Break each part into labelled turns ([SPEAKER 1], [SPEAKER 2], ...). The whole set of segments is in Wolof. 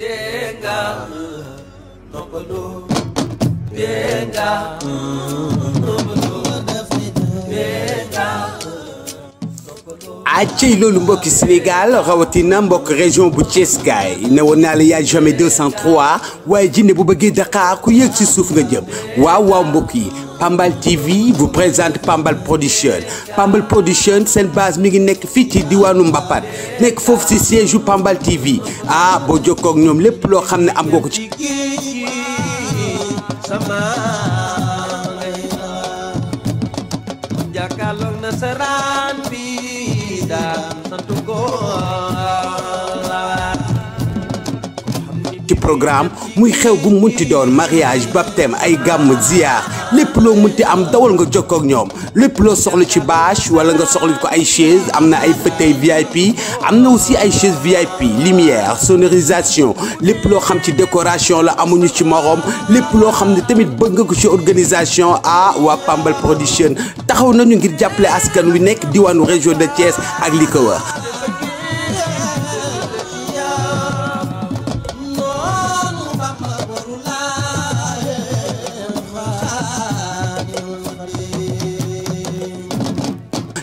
[SPEAKER 1] dee nga noppaloo dee nga
[SPEAKER 2] noppaloo dee nga
[SPEAKER 1] acey loolu mbokki Sénégal rawatina Mbok région bu Thiès gaay ne woon naa jamais 203 waaye jinne bu bëggee Dakar ku yéeg ci suuf nga jëm waaw waaw mbokk yi Pambal TV vous présente Pambal Production Pambal Production seen base mi ngi nekk fii ci diwaanu Mbapat nekk foofu ci siège u Pambal TV ah boo jokkoo ak ñoom lépp loo xam ne am nga ko ci.
[SPEAKER 3] Jàkkaarloo na sa
[SPEAKER 1] programme muy xew bu munti doon mariage baptême ay le ziar les plombs munti am dawal nga le ak ñom lepp ci wala nga VIP am aussi ay VIP lumière sonorisation lepp plus xam ci décoration la amuñu ci morom lepp lo xam ni tamit bëgg nga ko ci organisation a Pambal production taxaw nañu ngir askan wi nek région de Thiès ak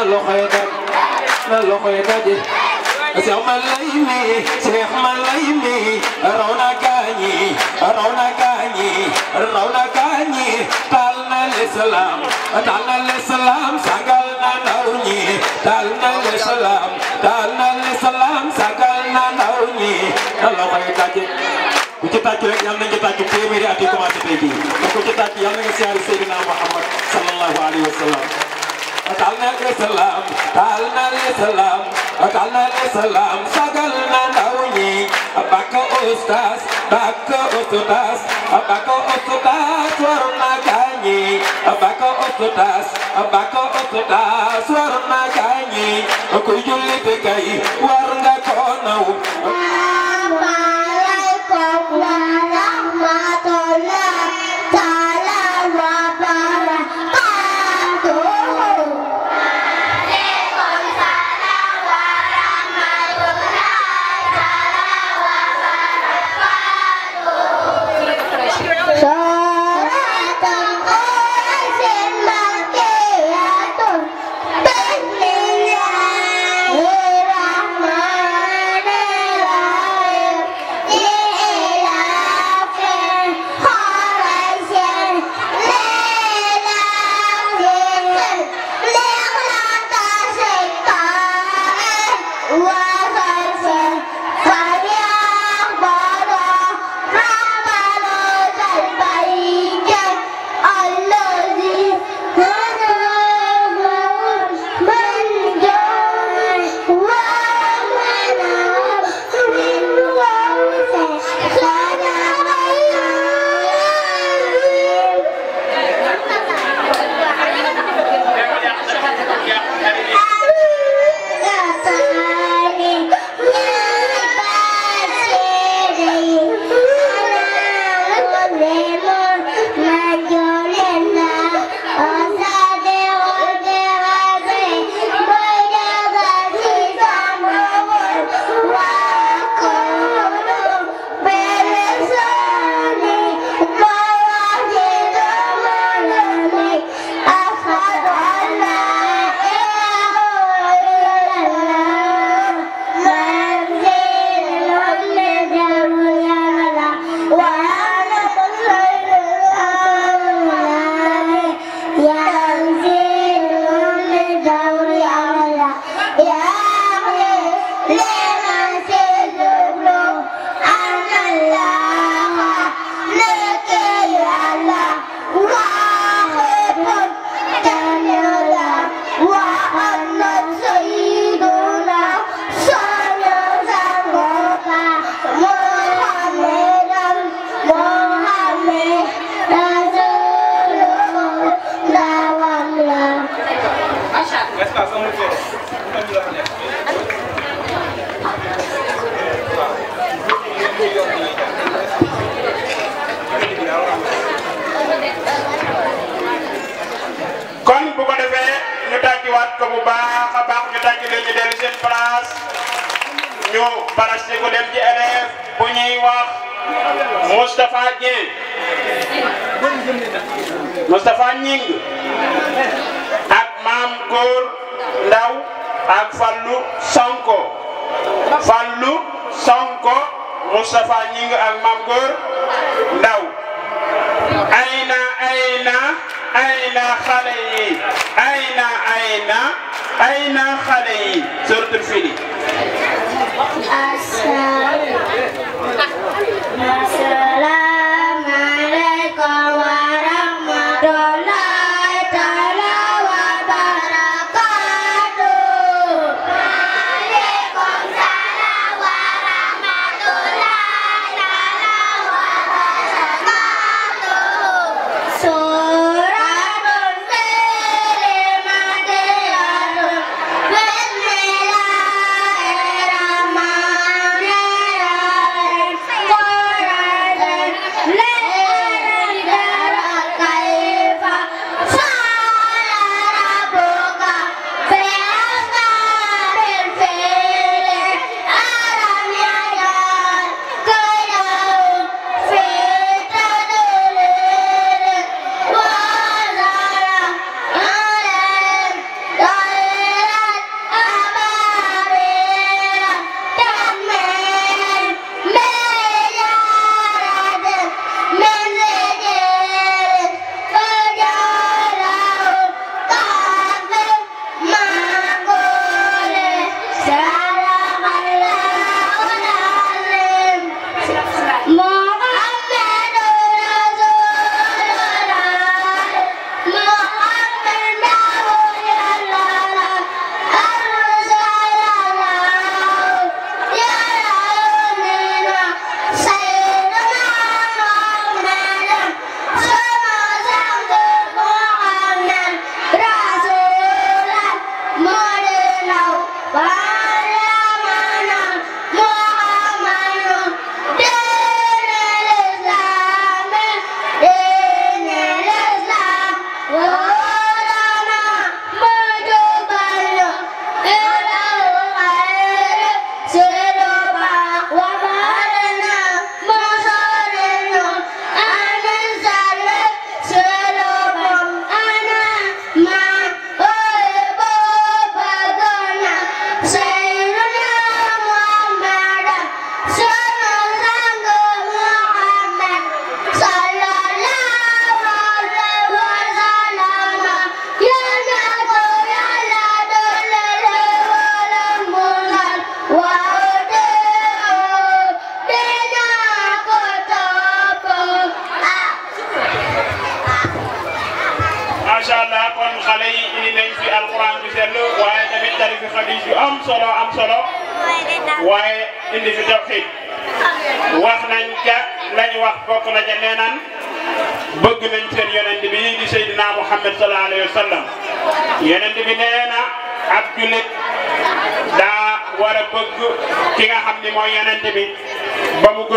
[SPEAKER 3] na loxo yi daj na loxo yi daje Cheikh man lay mii Cheikh man lay mii raw na gaañi raw na gaañi raw na gaañi taal na lislaam taal na lislaam sagal na ndaw ñi taal na lislaam taal na lislaam sagal na ndaw ñi na loxo yi daje ku ci tàcc rek yàlla nañu ci tàcc téeméeri at yi commencé tey jii ku ci tàcc yàlla nga siyaare Seydina Muhammad sallallahu alayhi wa sallam تعالنا للسلام تعالنا للسلام تعالنا للسلام سجلنا ناوي باكا أستاذ باكا أستاذ باكا أستاذ ورنا كاني باكا أستاذ باكا أستاذ ورنا كاني كل جلد كي ورنا كونو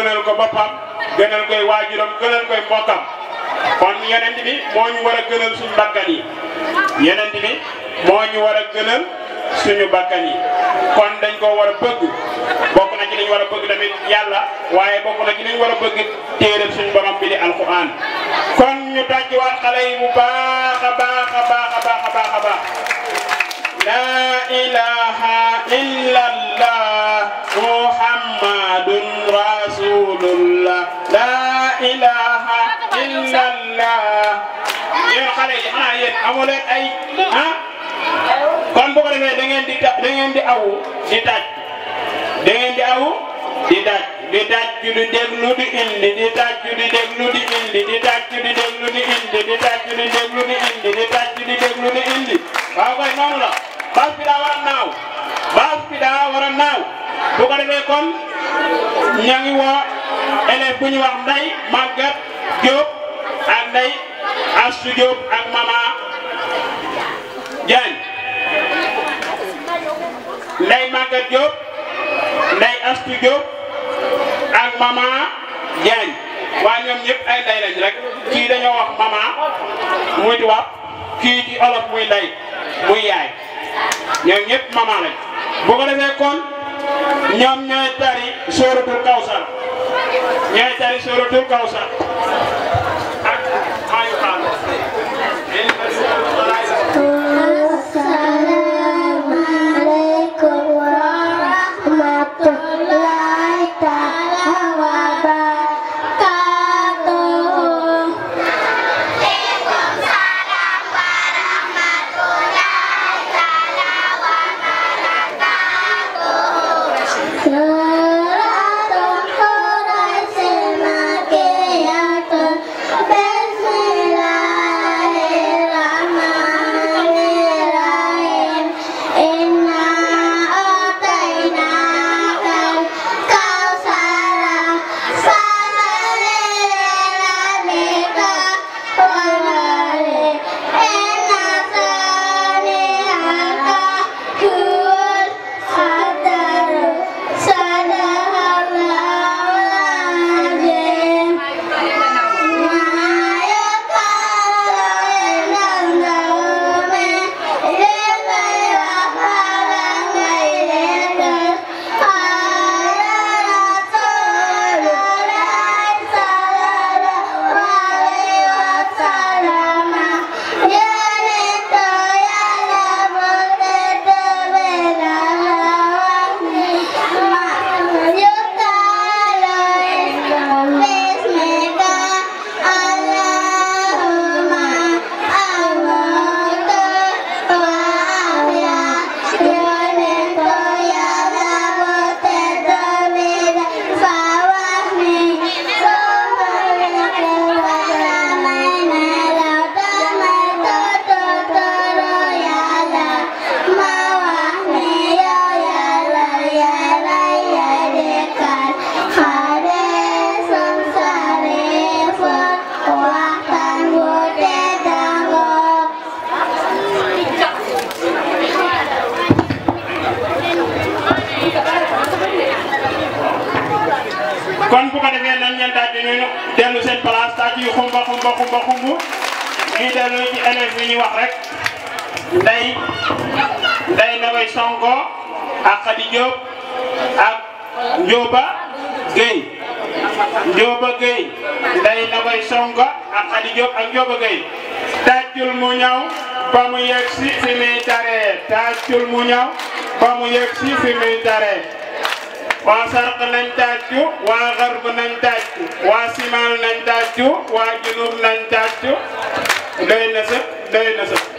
[SPEAKER 4] gënal ko boppam gënal koy waajuram gënal koy mbokkam kon yonent bi moo war a gënal suñu bakkan yi yonent bi moo ñu war a gënal suñu bakkan yi kon dañ ko war a bëgg bokk na ci dañ war a bëgg tamit yàlla waaye bokk na ci dañ war a bëgg téere suñu borom bi di alquran kon ñu tàjjiwaat xale yi bu a baax a baax a baax a baax a baax Ah, amoo leen ay ah kon bu ko defee da ngeen di da ngeen di aw di daj da ngeen di aw di daj di daj di déglu di indi di daj di déglu di indi di daj di déglu di indi di daj di déglu di indi di daj di déglu di indi waaw koy noonu la. bas bi daa naaw bas bi daa naaw bu ko defee kon ña ngi woo élève bu ñu wax Ndeye Maguette Diop ak Ndeye Astou Diop ak Mama Diagne Ndeye Maguette Diop Ndeye Astou Diop ak Mama Diagne waa ñoom ñëpp ay ndey rek kii dañoo wax mama muy di wax kii olof muy ndey muy yaay ñoom ñëpp mama lañ bu ko defee kon ñoom ñooy tari sóoratul kawsar ñooy tari sóoratul kawsar ak maayu xaal Diop ak Ndioba Gueye Ndioba Gueye day na koy songa ak Khady Diop ak Ndioba Gueye tàccul mu ñëw ba mu yegg si fi muy daree tàccul mu ñëw ba mu yegg si fi muy daree waa nañ tàccu waa garb nañ tàccu waa simaal nañ tàccu waa junub nañ tàccu doy na na sëkk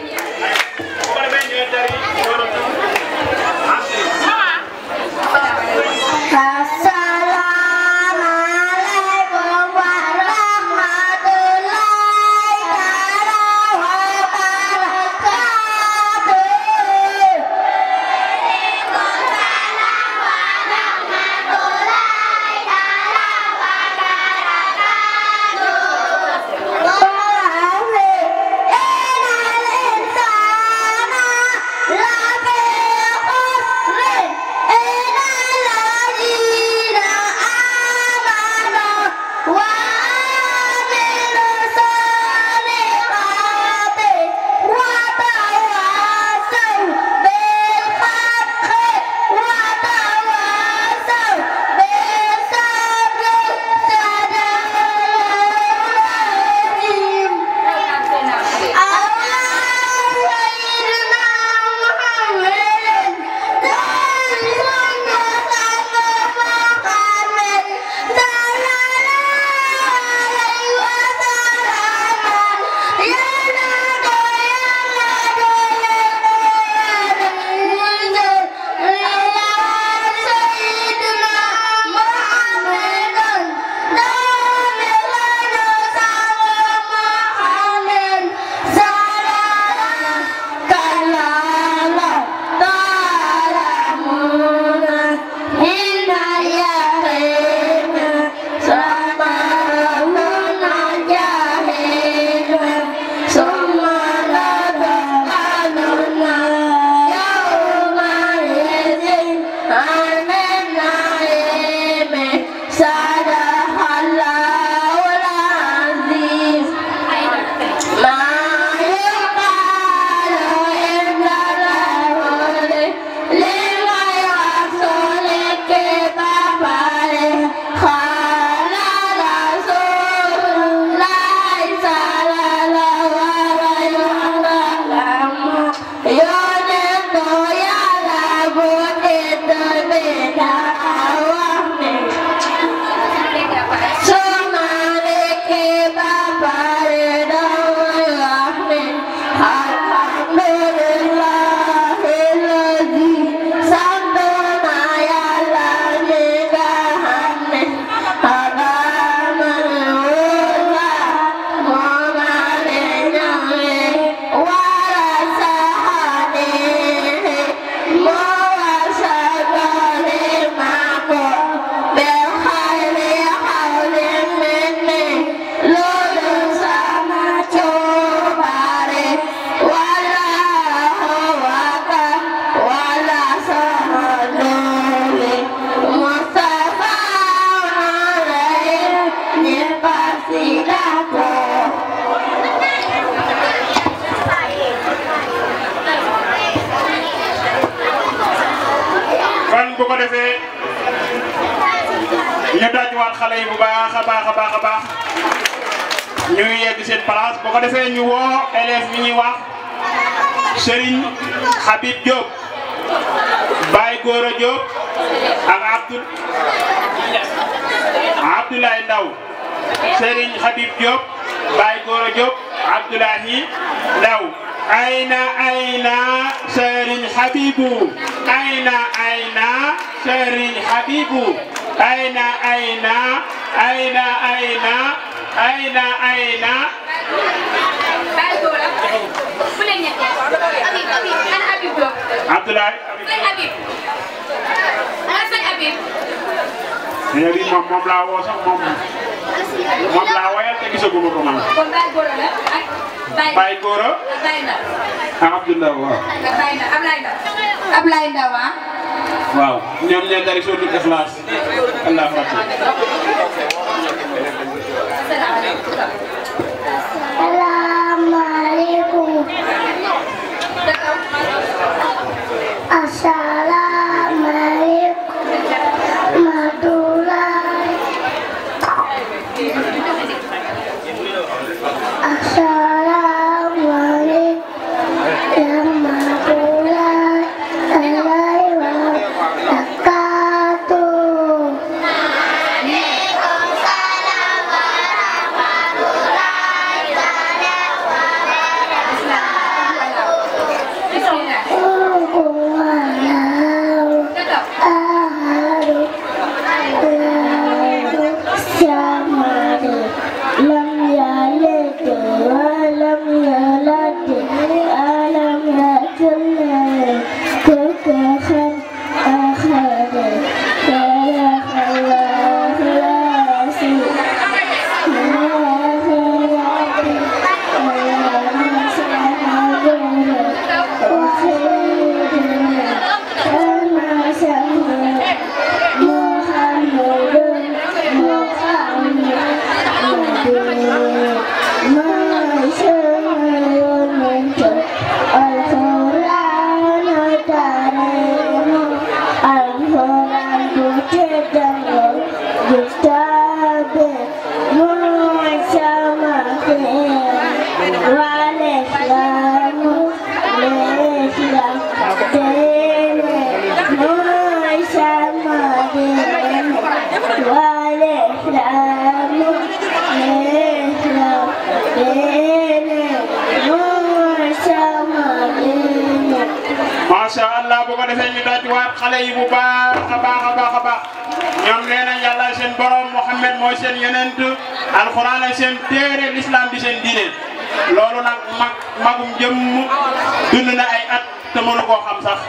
[SPEAKER 4] sax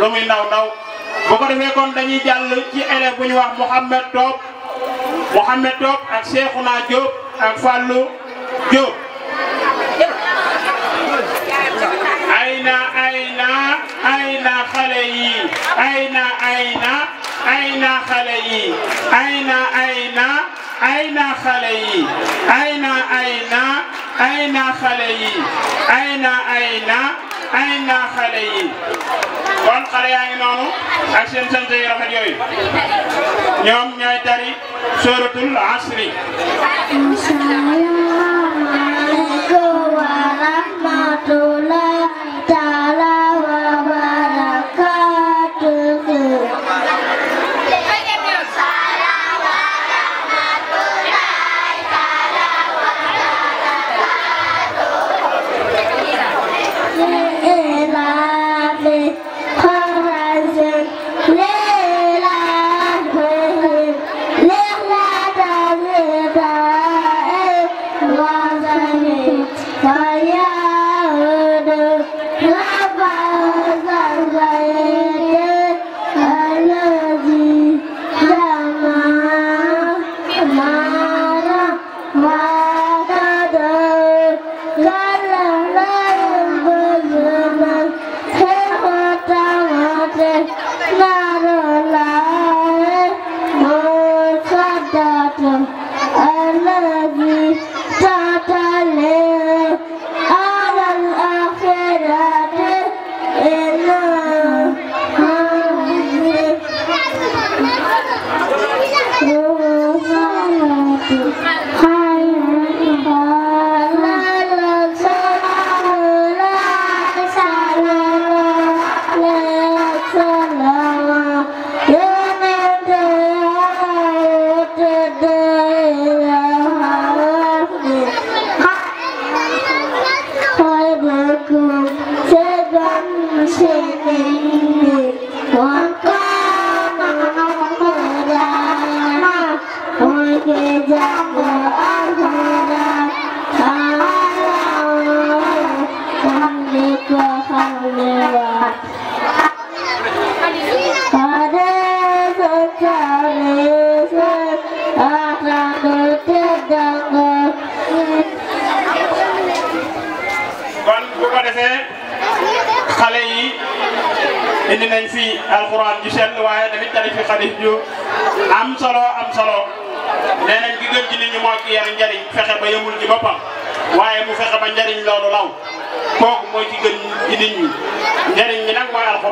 [SPEAKER 4] lu ndaw ndaw bu ko defee dañuy jàll ci élève bu ñu wax Mouhamed Top Mouhamed Top ak Cheikhouna Diop ak Fallou Diop ayna ayna ayna xale yi ayna ayna xale yi ayna ayna xale yi ayna ayna xale yi ayna ayna ani naa xale yi kon xale yaa ngi noonu ak seen sant yu rafet yooyu ñoom ñooy tari
[SPEAKER 5] suratul asri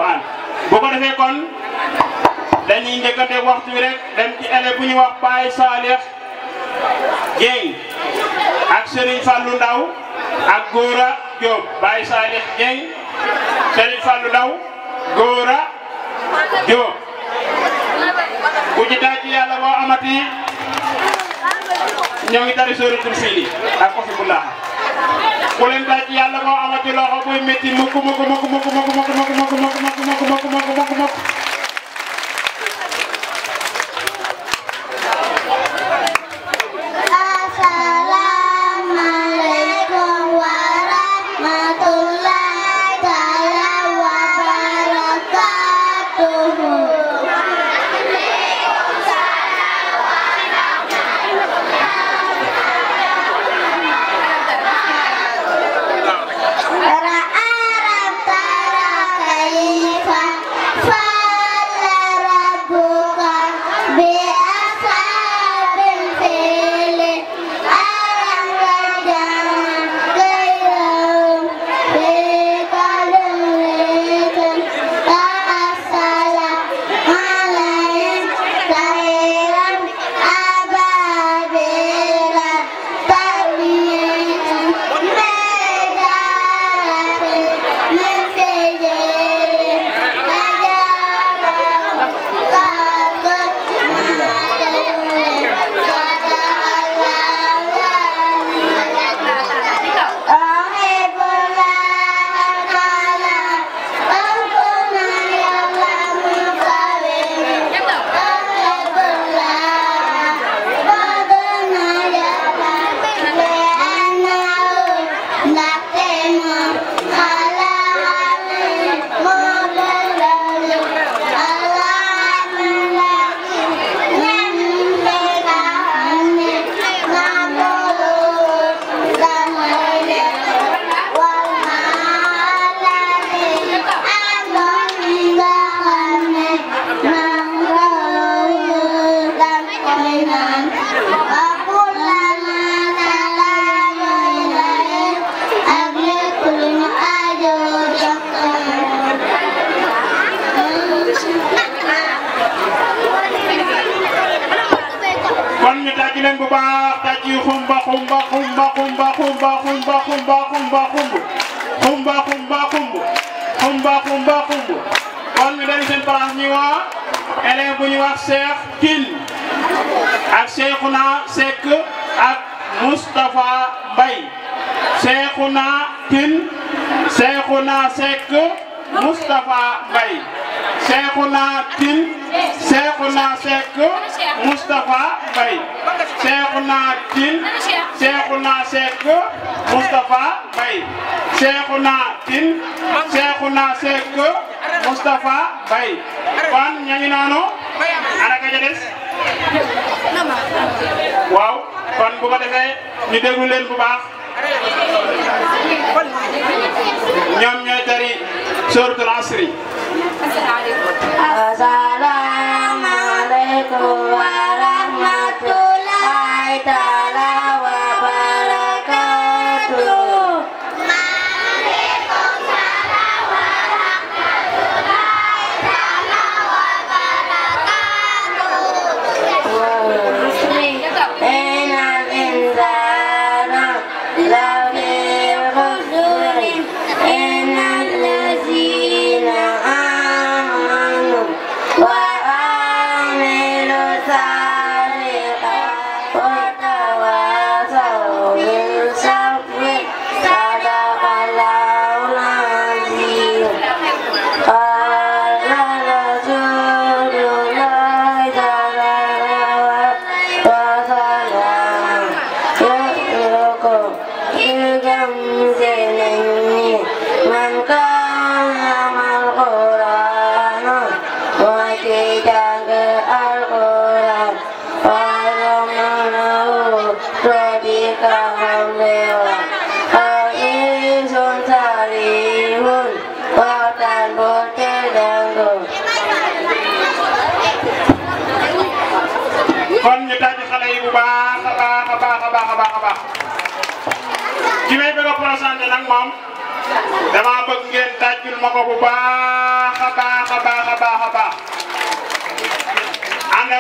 [SPEAKER 4] alquran bu ko defee kon dañuy njëkkante waxtu bi rek dem ci élève bu ñuy wax Baye Salih Dieng ak Serigne Fallou Ndaw ak Gora Diop Baye Salih Dieng Serigne Fallou Ndaw Gora Diop ku ci daaj yàlla boo amati ñoo ngi tari sóoratul fiili ak kofi bu laaxa ku leen daj yàlla moo amati loxo buy métti mukk mukk mukk mukk mukk mukk mukk mukk mukk mukk mukk
[SPEAKER 5] mukk mukk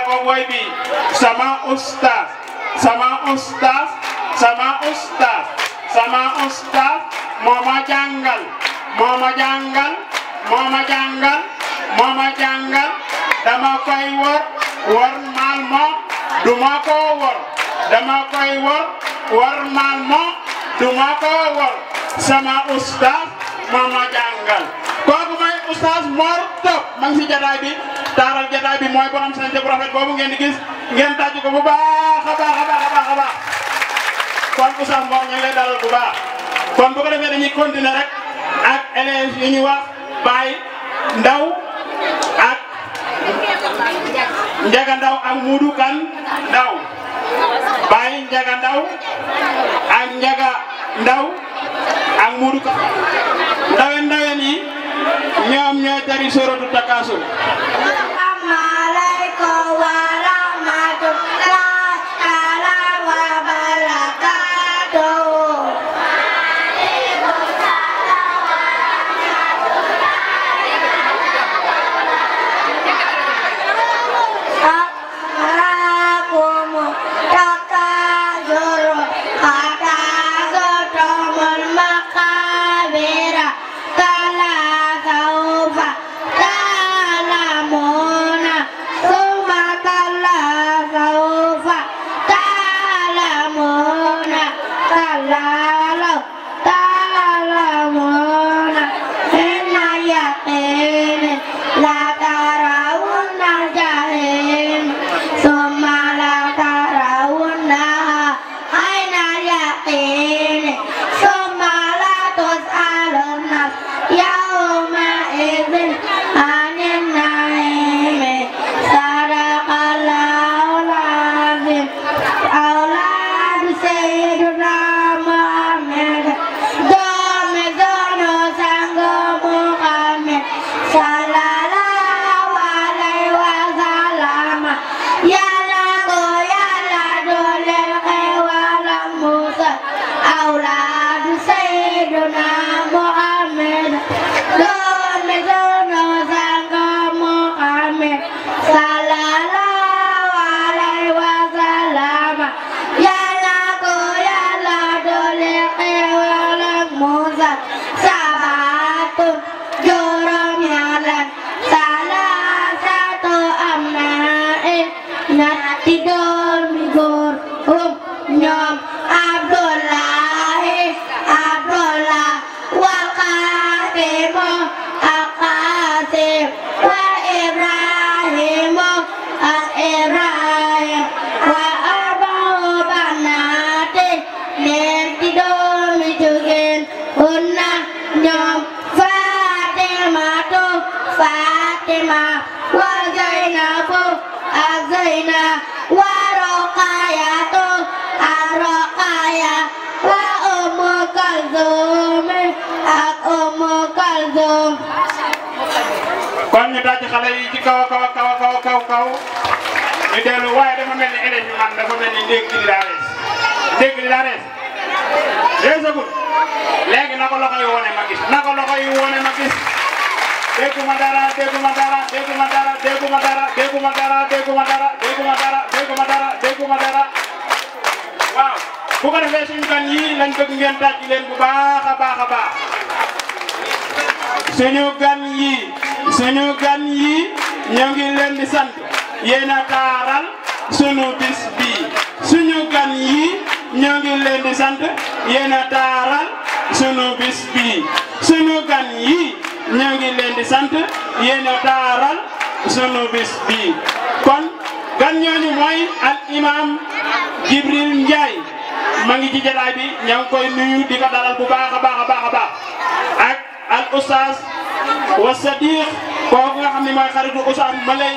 [SPEAKER 4] kon ñu sama ustaas sama ustaas sama ustaas sama ustaas moo ma jàngal moo ma jàngal moo ma jàngal moo ma jàngal dama koy wor wor maal ma du ma ko wor dama koy wor wor maal ma du ma ko wor sama ustaas moo ma jàngal kooku mooy ustaas Mor Top ma ngi si jataay bi taral jotaay bi moy borom sañ bu rafet bobu ngeen di gis ngeen tàjj ko bu baax a baax a baax baax baax kon ko sam Mor ngeen lay dalal bu baax kon bu ko defé dañuy continuer rek ak élèves yi ñu wax bay Ndaw ak Njaga Ndaw ak mudu Kan Ndaw bay Njaga Ndaw ak Njaga Ndaw ak mudu Kan ndawen ndawen yi ñoom ñooy tari soratu takasur kaw kaw ñu dellu waaye dafa mel ni élève bi man dafa mel ni ndégg li daa rees ndégg li daa rees reesagul léegi na ko loxo yi wone ma gis na ko loxo yi wone ma gis dégguma dara dégguma dara dégguma dara dégguma dara dégguma dara dégguma dara dégguma dara dégguma dara dégguma dara waaw bu ko defee suñu gan yi lañ bëgg ngeen tàcc leen bu baax a baax suñu gan yi suñu gan yi ñu ngi leen di sant yéen a taaral sunu bis bii suñu gan yi ñu ngi leen di sant yéen a taaral sunu bis bii yi ñu ngi leen di sant yéen a taaral kon gan ñooñu mooy al imam Jibril Ndiaye ma ngi ci jalaay bi ña koy nuyu di ko dalal bu baax a baax ak al ustaas wa sadiq kooku nga xam ne mooy xaritu Ousmane Malay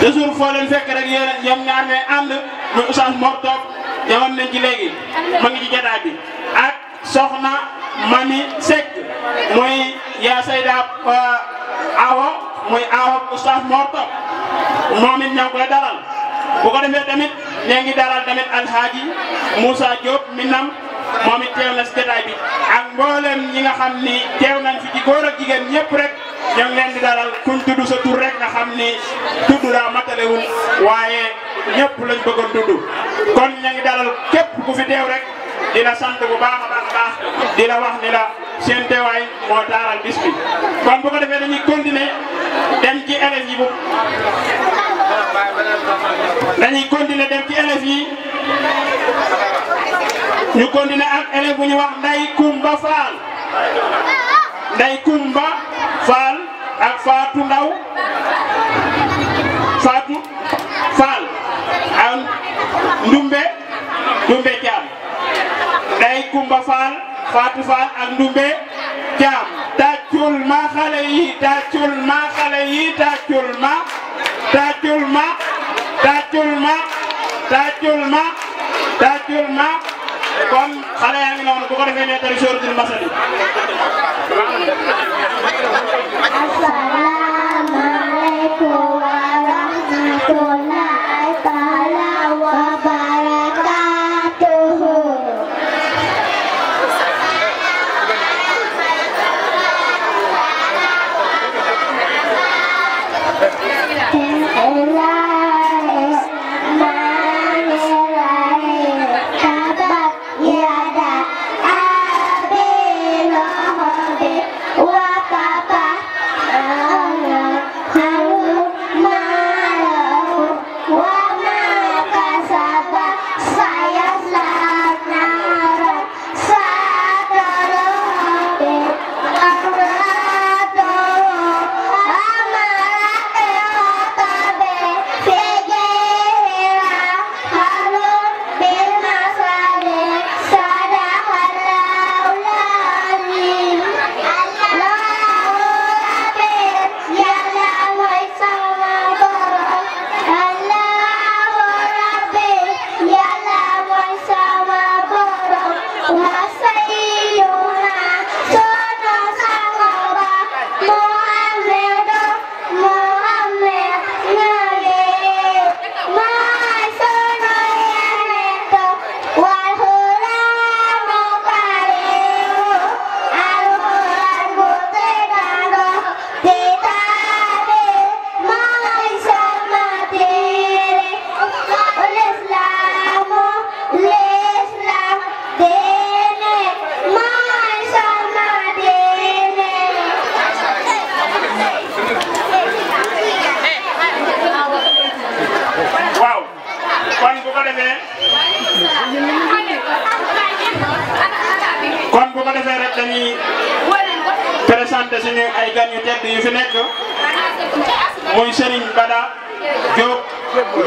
[SPEAKER 4] toujours foo leen fekk rek yéen ñoom ñaar ñooy ànd muy Ousmane Mor Top ñëwoon nañ ci léegi ma ngi ci jotaay bi ak soxna Mami Seck muy yaa Sayda euh, Awa muy Awa Ousmane Mor Top moom it koy dalal bu ko defee tamit ñoo ngi dalal tamit Alhaji Moussa Diop mi nam moom it teew na si jotaay bi ak mboolem ñi nga xam ni teew nañ fi ci góor jigéen ñëpp rek. ñoo ngi leen di dalal kuñ tudd rek nga xam ni tudd daa matalewul waaye ñëpp lañ bëggoon tudd kon ña ngi dalal képp ku fi teew rek dina la sant bu baax a baax a baax di la wax ni la seen teewaay moo taaral bis bi kon bu ko defee dañuy continuer dem ci élèves yi bu dañuy continuer dem ci élèves yi ñu continuer ak élèves bu ñu wax Ndeye Koumba Fall nday Kumba Fall ak Fatou Ndaw Fatou Fall ak Ndumbe Ndumbe Thiam nday Kumba Fall Fatou Fall ak Ndumbe Thiam tàccul ma xale yi tàccul ma xale yi tàccul ma tàccul ma tàccul ma tàccul ma tàccul ma kon xale yaa ngi noonu bu ko defee ne tari sóoratul masal
[SPEAKER 2] asalaamaaleykum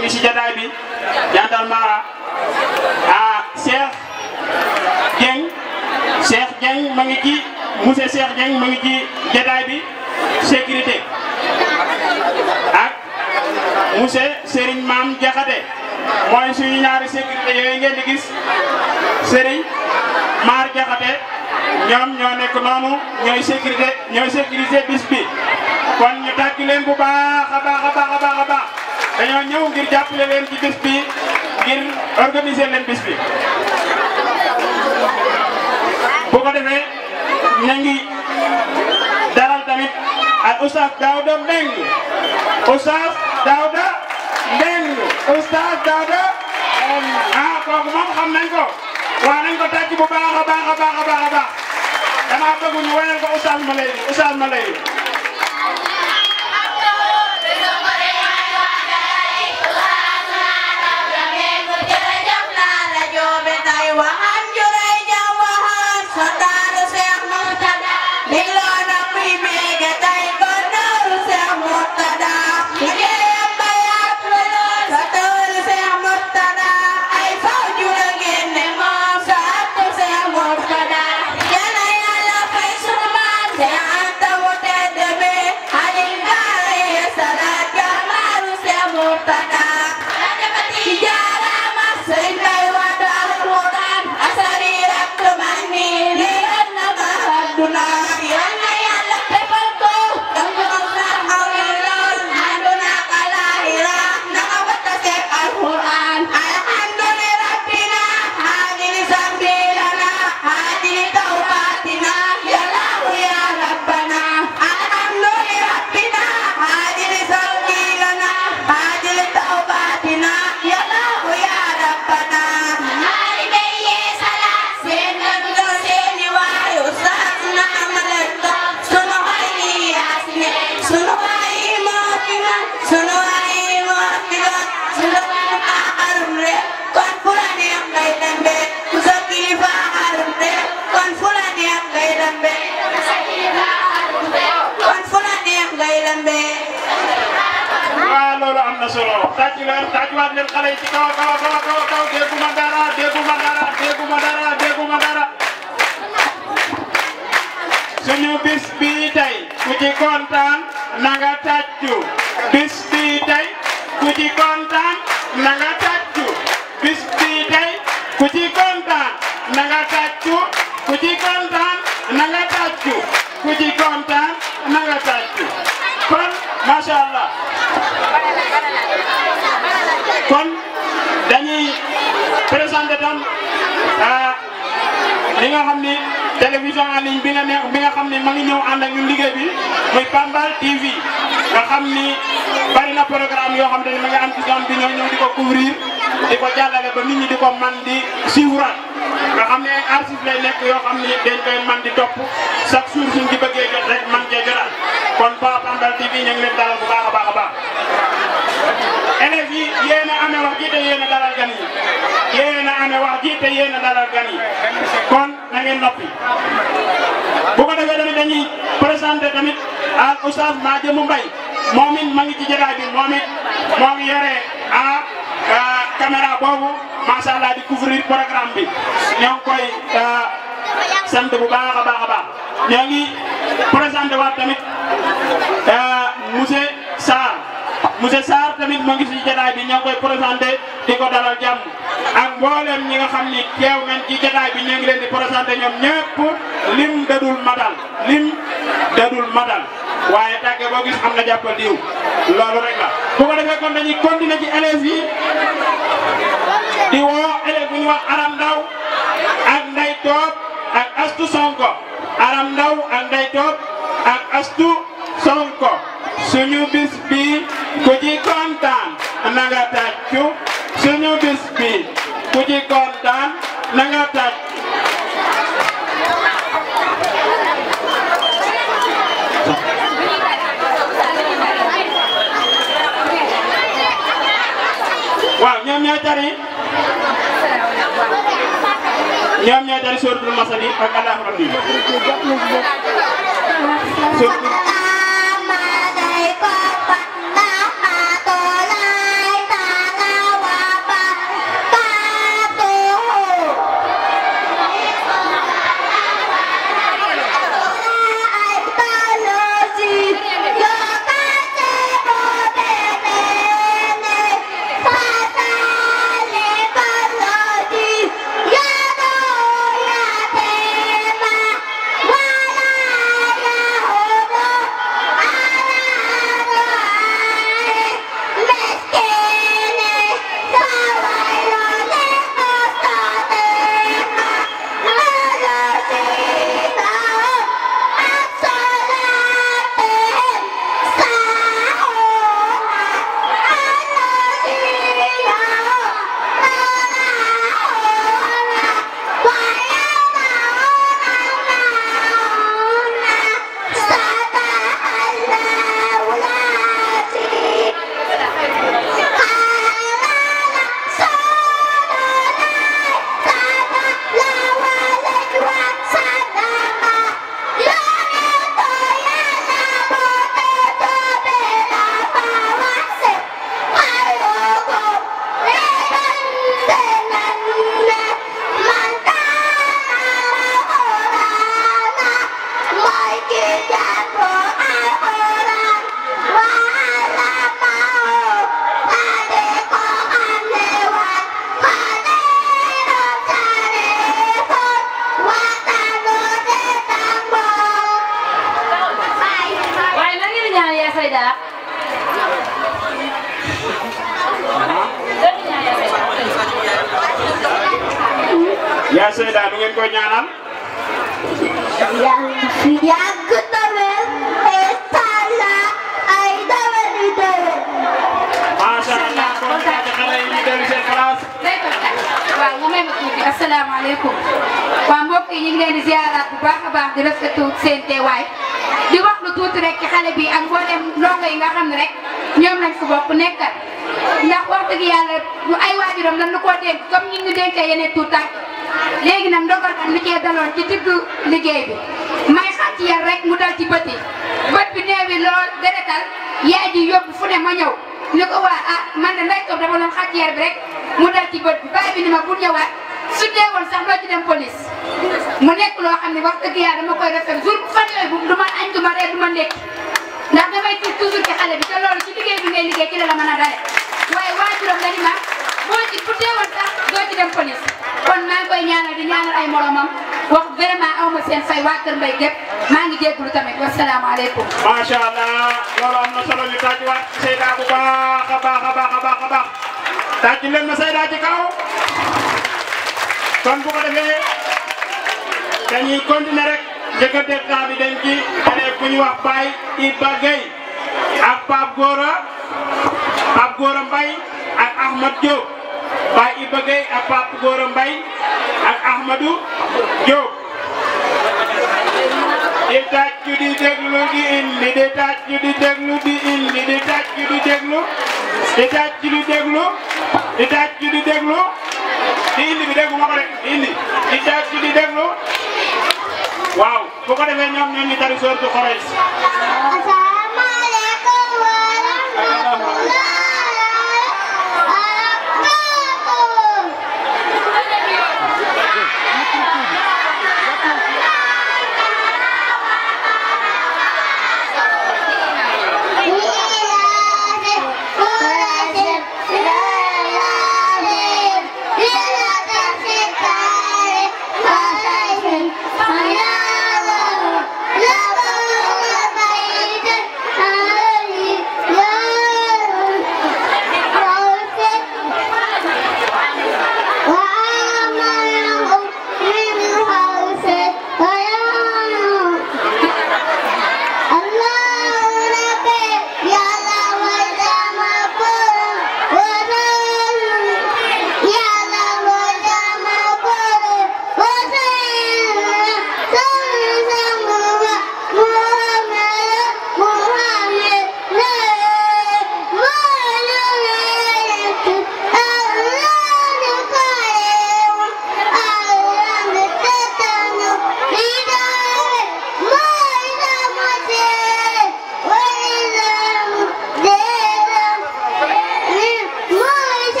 [SPEAKER 4] ngi si jataay bi jantal Mara ah Cheikh ci monsieur Cheikh Dieng ma ngi ci jataay bi sécurité ak monsieur Serigne Maam Jaxate mooy suñu ñaari sécurité yooyu ngeen gis Serigne Mar Jaxate ñoom ñoo nekk noonu ñooy sécurité ñooy sécurité bis jàppale leen ci bis bi ngir organiser leen bis bi. bu ko defee ñu ngi dalal tamit ak Oustaz Daouda Mbengue Oustaz Daouda Mbengue Oustaz Daouda ah kooku moom xam nañ ko waa nañ ko tàcc bu baax a baax a baax a baax damaa bëgg ñu wéyal ko Oustaz Maleye Oustaz Maleye. Why? Dá, dá, dá, dá, dá o dedo na président en bi nga neex bi nga xam ne ma ngi ñëw ànd ak ñun liggéey bi muy Pambal TV nga xam ni bari na programme yoo xam ne ma ngi am ci zone bi ko couvrir ko jàllale ba nit ñi di ko man di suivre nga xam ne ay archives lay nekk yoo xam ni dañ koy man di topp chaque jour suñ ci bëggee jot rek man cee kon Pa Pambal TV ñu ngi leen dalal bu baax a baax a baax. élèves yi yéen a amee wax ji te yéen a dalal gan yi yéen a amee wax ji te yéen a gan yi na ngeen noppi bu ko defee tamit dañuy présenté tamit ak oustaz Madiame Mbaye moom it ma ngi ci jotaay bi moom it moo ngi yore ah caméra boobu macha allah di couvrir programme bi ñoo ngi koy sant bu baax a baax a baax ñoo ngi présenté waat tamit monsieur Sarr monsieur Sarr tamit moo ngi ci jotaay bi ñoo koy présenté di ko dalal jàmm. ak mboolem ñi nga xam ni teew nañ ci jotaay bi ñu leen di présenté ñoom ñëpp lim dadul madal lim dadul madal waaye tàgge boo gis am na jàppal diw loolu rek la. bu ko defee kon dañuy continuer ci élèves yi di woo élèves bu Aram Ndaw ak Nday Toob ak Astu Sonko Aram Ndaw ak Nday Toob ak Astu. ñoom ñooy dari sóoratul masal yi ak allahu rabbi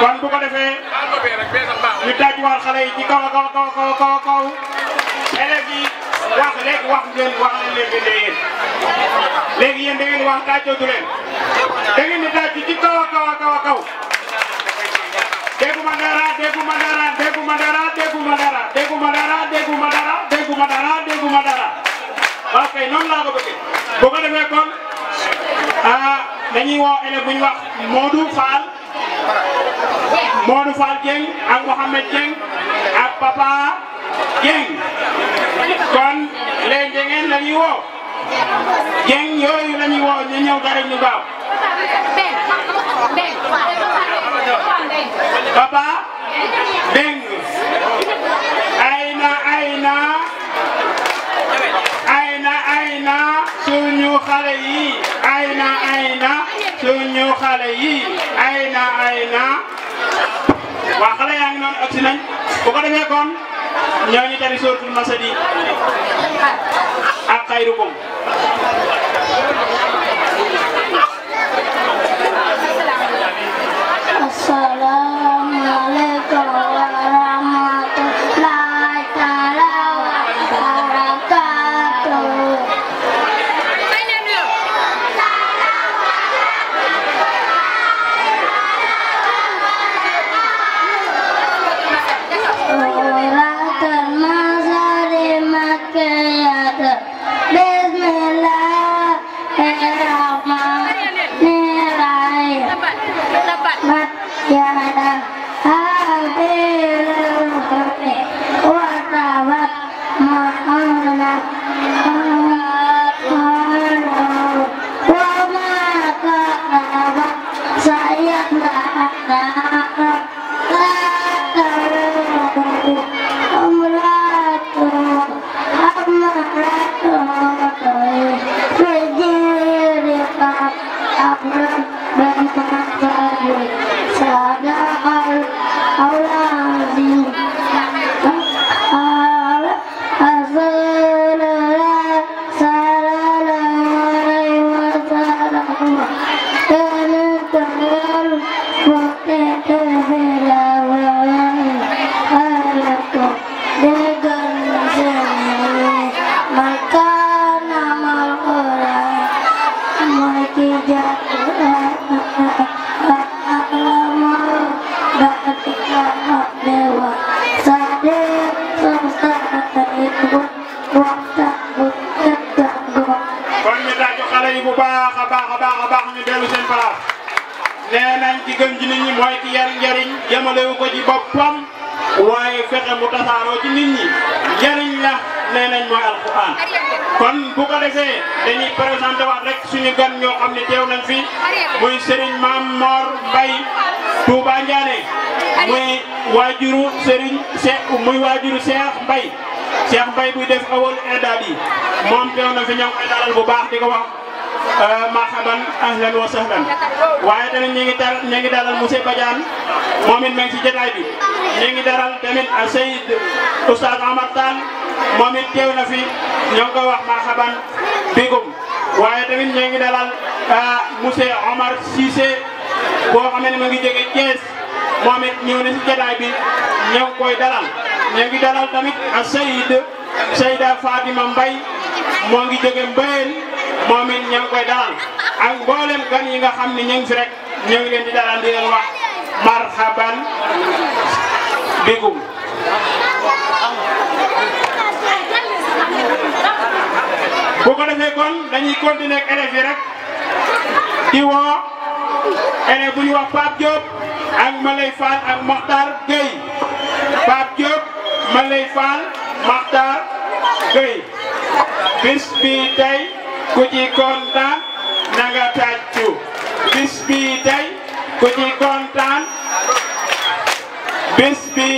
[SPEAKER 4] kon bu ko defee ñu dajwaat xale yi ci kaw kaw kaw kaw kaw kaw élèves yi wax léegi wax ngeen wax nañ leen gën yéen léegi yéen da ngeen wax dajjootu leen da ngeen di dajji ci kaw kaw kaw kaw dégguma dara dégguma dara dégguma dara dégguma dara dégguma dara dégguma dara dégguma dara dégguma dara waaw kay noonu laa ko bëggee bu ko defee kon ah dañuy woo élève eh, bu ñu wax Modou Fall Modou Fall Dieng ak Mouhamed Dieng ak Papa Dieng kon les Diengeen la ñuy woo yooyu la ñuy woo ñëw dara ñu gaaw
[SPEAKER 5] Papa Dieng
[SPEAKER 4] suñu xalé yi ayna ayna suñu xalé yi ayna ayna wa xalé waa xale yaa ngi noonu nañ bu ko defee kon ñooñu tari sortul masadi ak xayrukum
[SPEAKER 5] assalamu alaykum
[SPEAKER 4] defee dañuy présenté waat rek suñu gan ñoo xam ne teew nañ fi muy Serigne Mame Mor Mbaye Touba Ndiané muy waajuru Serigne Cheikh muy waajuru Cheikh Mbaye Cheikh Mbaye buy def euh, ahlan wa sahlan waaye tamit ñu ngi dal ñu ngi dalal bi ñu ngi dalal tamit Seyd Oustaz momit it teew na fi ñoo ko wax marhaban bigum waye tamit ñi ngi dalal ah, monsieur Omar Cissé boo xamee ma ngi jégué ties momit it ñëw na si jotaay bi ñoo koy dalal ñi ngi dalal tamit ak Sayid Sayida Fatima mbay mo ngi jégué Mbayeen momit it ñoo koy dalal ak mbolem gan yi nga xam ñi ngi fi rek ñoo ngi leen di dalal di leen wax marhaban bigum bu ko defee kon dañuy continuer ak élèves rek di woo élèves bu ñu wax Pape ak Malay Fall ak Makhtar Gueye Pape Diop Malay Fall Makhtar Gueye bis bi tey ku ci kontaan na nga tàccu bis bi tey ku ci kontaan bis bi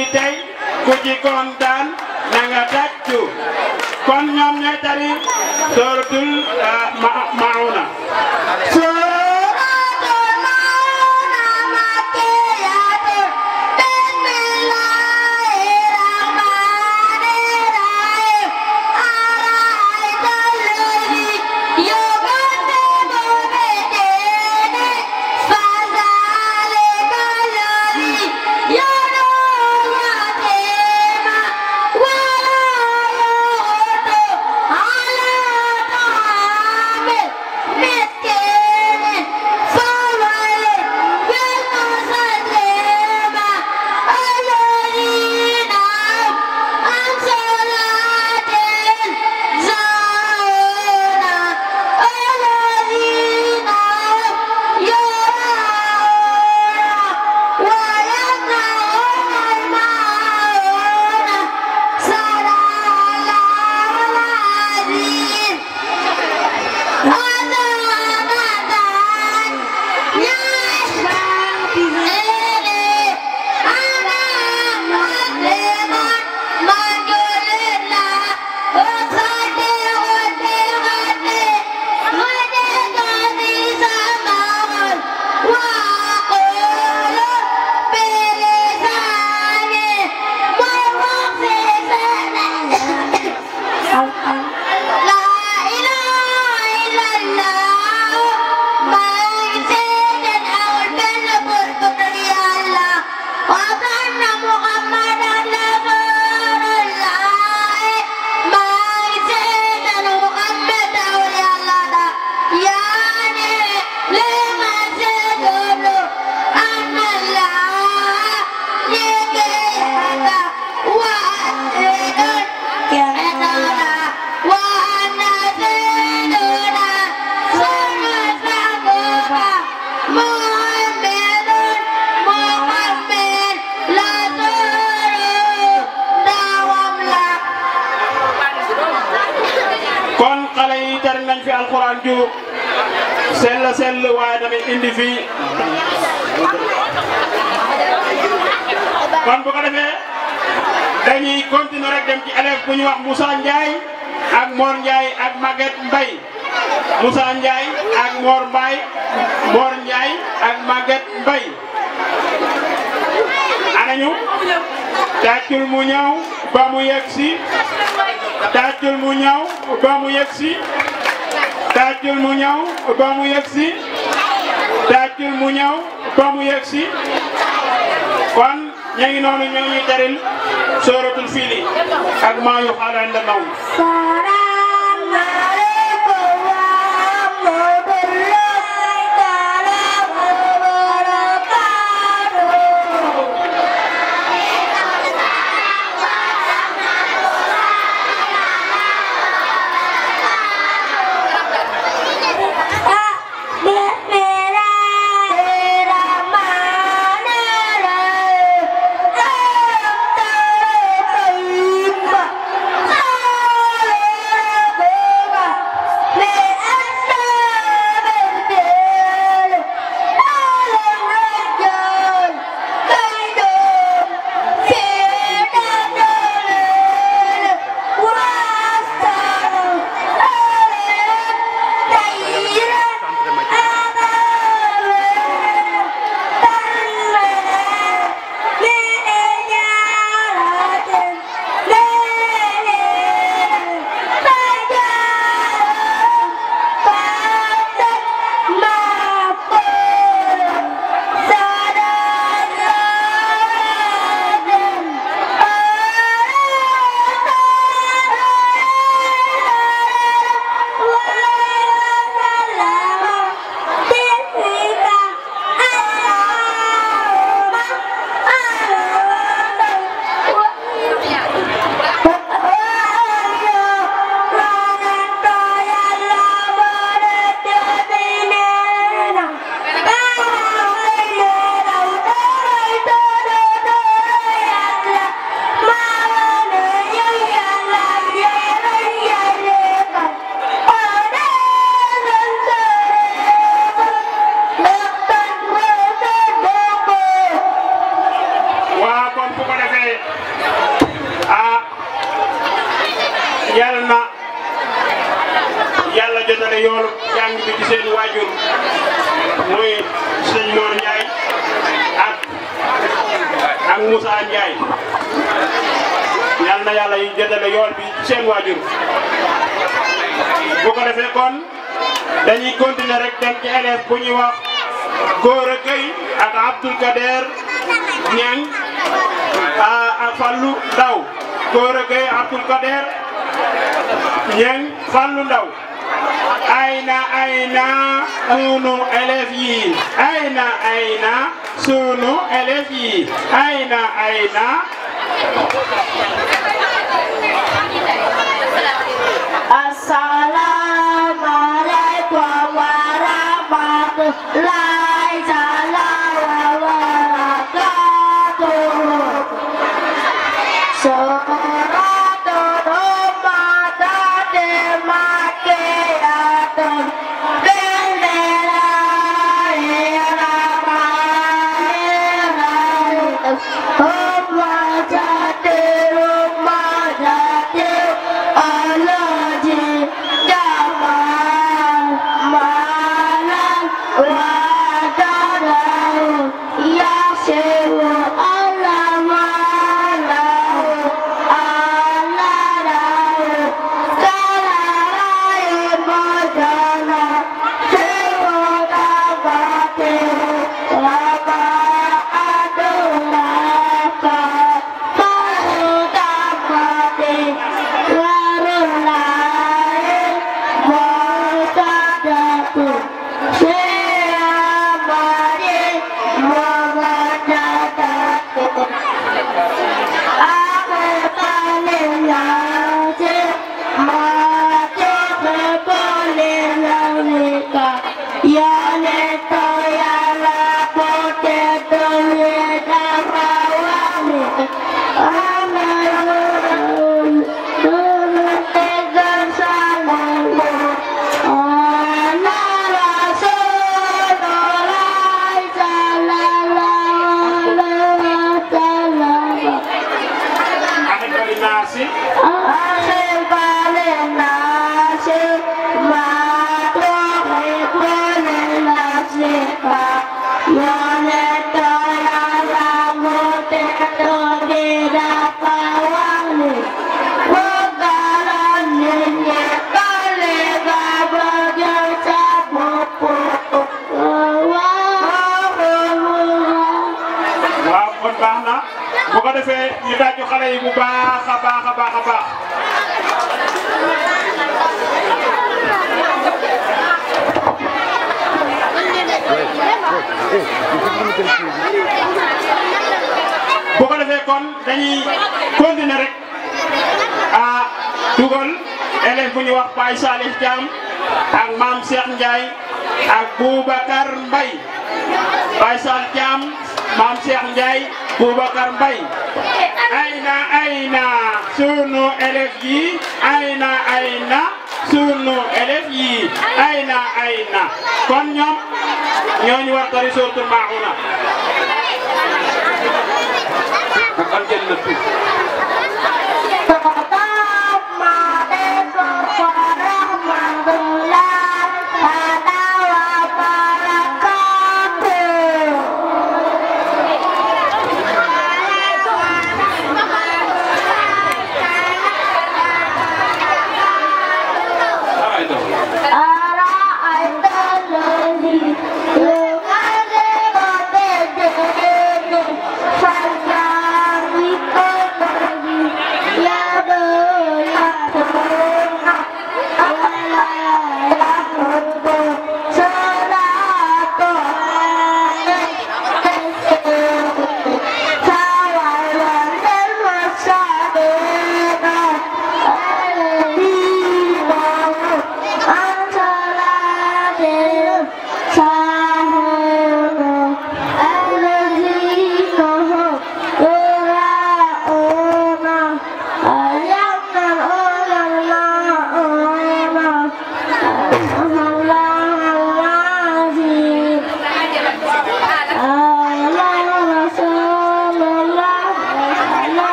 [SPEAKER 4] kon ñoom ñooy tari sooratul ah, mauna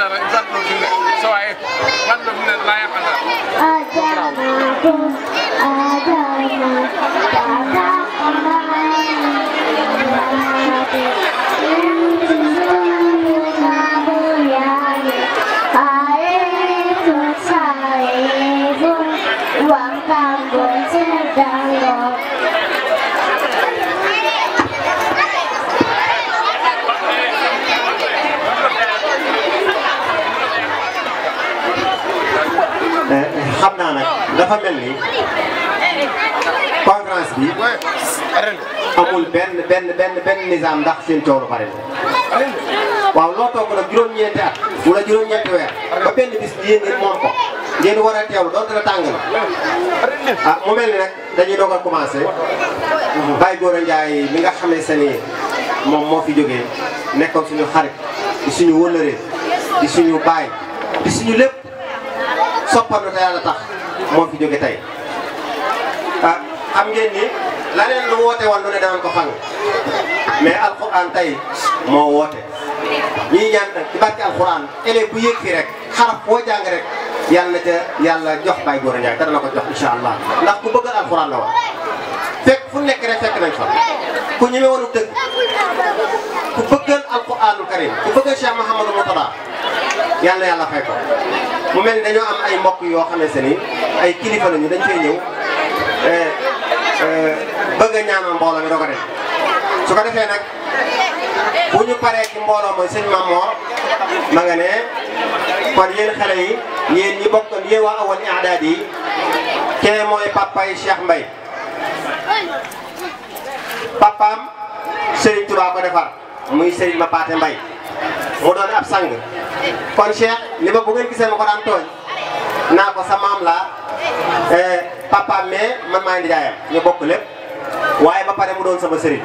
[SPEAKER 5] dara exemple fi mu ne sa waay lan la fi mu ne laa yàqal dara.
[SPEAKER 6] maintenant nag dafa mel ni conférence bi amul benn benn benn benn nizaam ndax seen coow bari waaw loo toog nag juróom-ñeenti at wala juróom-ñeenti weer ba benn bis bi yéen ngeen moom ko ngeen war a ah, mu mel ni nag dañuy doog a commencé Baye Gora Ndiaye mi nga xamee sa moom moo fi jógee nekkoon suñu xarit di suñu wëllëree di suñu baay di suñu lépp soppanu te yàlla tax moo fi jóge tey am ah, xam ngeen ni laneen lu woote woon lu ne danañ ko fang mais alxuraan tey moo woote ñuy ñaan nag ci barke alxuraan élève bu yéeg fii rek xaraf boo jàng rek yàlla na ca yàlla jox Baye Gora Ndiaye dana la ko jox incha allah ndax ku bëgg alxuraan la wax fekk fu nekk rek fekk nañ fa ku ñeme woonu dëgg ku bëggal alxuraanul karim ku bëggal Cheikh Mouhamadou Mourtada yàlla yàlla fay ko mu mel ni dañoo am ay mbokk yoo xamante ni ay kilifa lañu dañ fay ñëw eh, eh, bëgg a ñaanal mbooloo mi doo su ko defee nag bu ñu paree mbooloo mooy sëñ Mamor ma nga ne kon yéen xale yi yéen ñi bokkoon yéen waa awal i'daad yi kene mooy papay Cheikh Mbaye papaam Serigne Touba ko defar muy Serigne Mapaté Mbaye mu doon ab sang kon Cheikh li ma bu ngeen gisee ma ko daan tooñ naa ko sa maam laa eh, papaam mais man maay ndijaayam ñu bokk lépp waaye ba pare mu doon sama sëriñ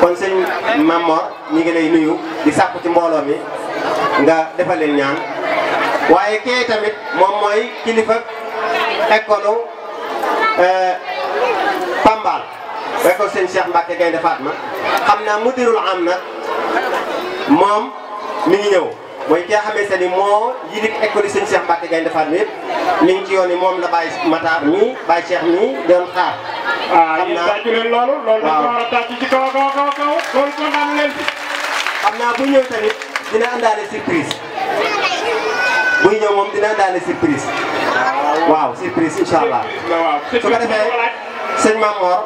[SPEAKER 6] kon sëñ Mame Mor ñu ngi lay nuyu di sàkku ci mbooloo mi nga defaleen leen ñaan waaye kee tamit moom mooy kilifa école eh, Pambal école sëñ Cheikh Mbacke Gaynde Fatma xam naa mudirul am na moom mi ngi ñëw mooy ki nga xamante ni moo yilif école yi sëñ Cheikh Mbacke Gaynde Fatma yëpp mi ci yoon yi moom la Baye Matar mi Baye Cheikh mi doon xaar. Ah, xam naa waaw yéen loolu. loolu la ñu war a tàcc ci kaw kaw xam naa bu ñëw tamit dina àndaale surprise buy ñëw moom dina àndaale surprise. Ah, waaw surprise incha allah. su ko defee. sëñ Mamor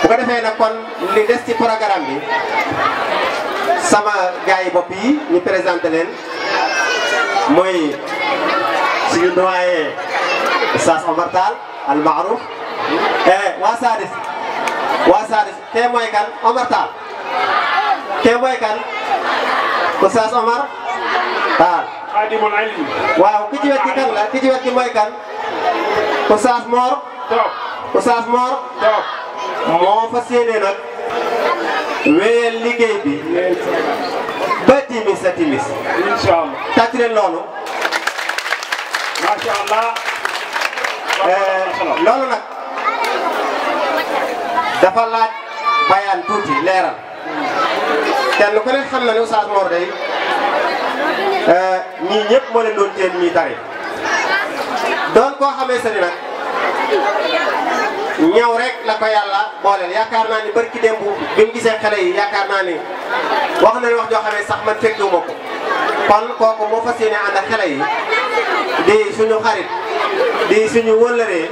[SPEAKER 6] bu ko defee nag kon li des ci programme bi sama gars yi bopp yi ñu présenté leen mooy suñu doyen Oustaz Omar Tall al Maarouf e eh, waa Sadis waa Sadis Omar Tall te mooy kan Omar waaw ki ci wet ki kan la ki ci wet ki mooy kan Oustaz Mor Diop Oustaz Mor Diop moo fas yéene nag wéyal liggéey bi ba timis a timis incha allah tàcc leen loolu macha allah eh, loolu nag dafa bayaan tuuti leeral kenn ku ne xam na ne Oustaz Mor day Euh, ñii ñëpp moo leen doon teel ñuy tari doon koo xamee sa ni nag ñëw rek la ko yàlla booleel yaakaar naa ni barki démb bi mu gisee xale yi yaakaar naa ni wax nañ wax joo xamee sax man fekkuma ko kon kooku moo fas yéene ànd ak xale yi di suñu xarit di suñu wëllëree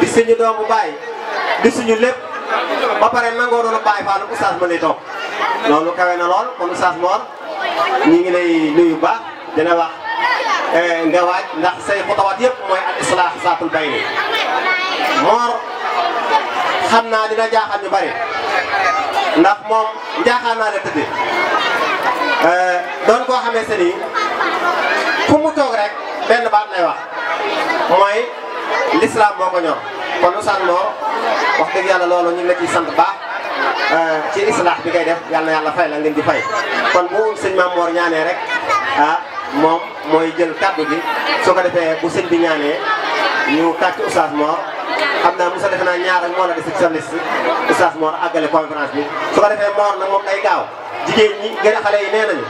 [SPEAKER 6] di suñu bu baay di suñu lépp ba pare nangoo doon bàyyi faalu oustaz ma lay toog loolu kawe na lool kon oustaz Mor ñu ngi lay nuyu baax dina wax eh, nga ndax say xutawaat yëpp mooy al islaax saatul bayni moor xam naa dina jaaxal ñu bari ndax moom jaaxaan naa la tëdde eh, doon koo xamee se nii fu mu toog rek benn baat lay wax mooy l'islam moo ko ñor kon Ousmane Mor wax dëgg yàlla loolu ñu ngi la sant baax ci islaax bi ngay def yal na fay la ngeen di fay kon bu sëñ Maam Mor ñaanee rek ah moom mooy jël kàddu gi soo ko defee bu sëñ bi ñaanee ñu tàcc Oustaz Mor xam naa Moussa defe naa ñaar ak moo la des ci sa liste Oustaz Mor àggale conférence bi su ko defee Mor nag moom day gaaw jigéen ñi gën a yi nee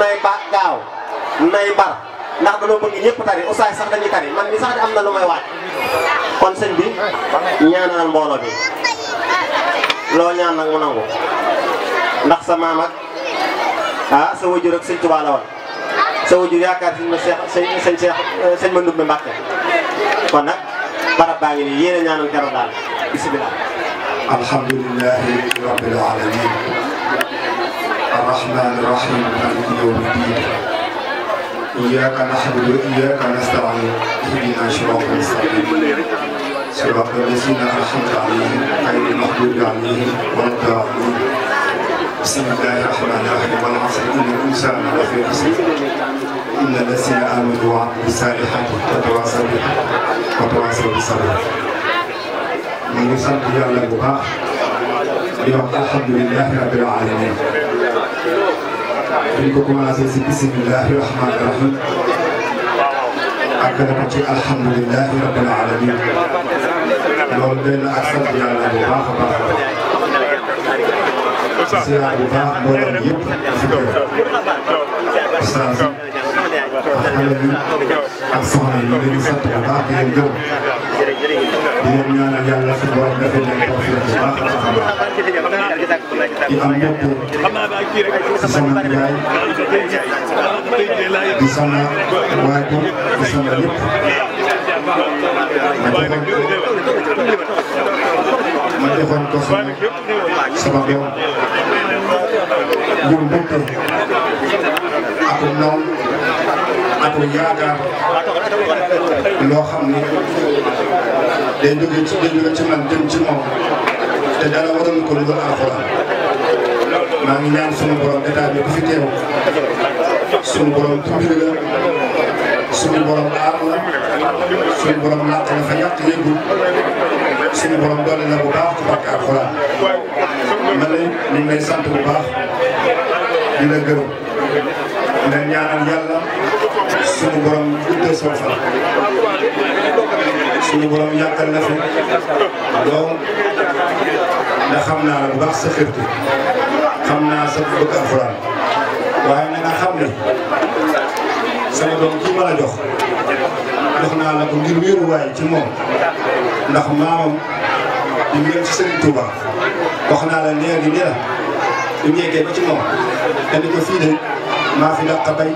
[SPEAKER 6] nay ba gaaw nay bar ndax dañoo bëgg ñëpp tari Oustaz sax dañuy tari man mi sax am na lu may kon sëñ bi ñaanal mbooloo bi lo ñaan nak mu nangu ndax sa maam ak ah sa wujur ak seigne touba la won sa wujur yaakaar sëñ ma seex sëñ seigne seex eh, sëñ ma ndumbe Mbàkke kon nak barab baangi ni nii ñaanal keroog dal bismillah
[SPEAKER 7] alhamdulillahi rabbil alamin الرحمن الرحيم مالك يوم الدين إياك نحمد وإياك نستعين اهدنا صراط المستقيم صراط الذين أنعمت عليهم غير المغضوب عليهم ولا الضالين بسم الله الرحمن الرحيم والعصر إن الإنسان لفي خسر إن الذين آمنوا وعملوا الصالحات وتواصوا بالحق وتواصوا بالصبر من يصدق يعلم بقاء الحمد لله رب العالمين ñu عزيزي بسم الله الرحمن الرحيم rahim الحمد لله رب العالمين loolu doy na ak sant yàlla bu baax a baax a baax. siyaar bu baax mbooloo yëpp si kër oustaz ak xale yi ak soxna yi ñu ngi sant bu baax di leen gërëm di leen ñaanal yàlla suñu borom defal leen tawfiq bu baax a baax di am mbégte si sama yaay di sama waajur di sama lépp. ma defoon ko sama sama doom ngir mbokk ak naw ak yaakaar loo xam ne day jóge ci day ci man jëm ci moom te dara waral ko lu dul maa ngi ñaan sunu borom état bi bu fi teew sunu borom tuuti la suñu borom aar la suñu borom natt la fa yàq yëgul suñu borom doole la bu baax ci barke alxuraan ma ne ñu ngi lay baax di la gërëm nga ñaanal yàlla suñu borom guddee soo fan suñu na fi doom ndax xam naa la baax sa xam naa sa bëgg alxuraan waaye na nga xam ne sama doom kii ma la jox jox naa la ko ngir wéeruwaay ci moom ndax maamam di ngeen ci Serigne Touba wax naa la léegi nee na bi mu yeggee ba ci moom dañu ko fii de maa fi dàq bay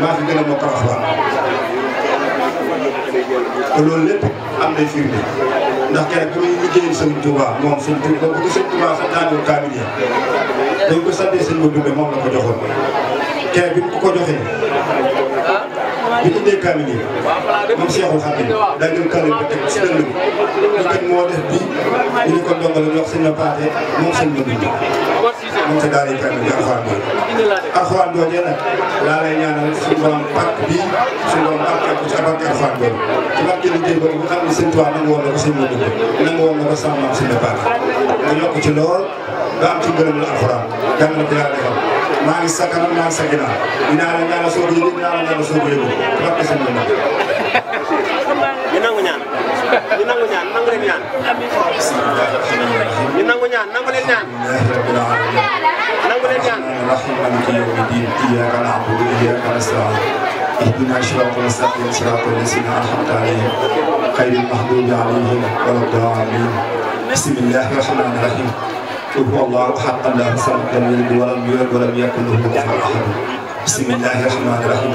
[SPEAKER 7] maa fi gën a mokk alxuraan te loolu lépp am nay firnde ndax kenn ku muy liggéeyal Serigne Touba moom suñ tur boobu ko Serigne Touba ko santee sëñ ma dumbe moom la ko joxoon kenn bi mu ko ko joxee bu tuddee kaamil yi moom Cheikhul Khadim daa jël kaamil ba teg ci dënd moo def bi ñu ko dongal ñu wax paate moom sëñ la dund moom sa daal yi kaamil alxuraan bi alxuraan boobu nag ñaanal suñu borom pàkk bi suñu borom ci barke alxuraan boobu ci barke liggéey boobu maa ngi sa kanam maa ngi sa ginnaaw dinaa la ñaanal soo kenapa yëgul dinaa la قل هو الله حقا لا الصمد لم يلد ولم يولد ولم يكن له كفوا احد بسم الله الرحمن الرحيم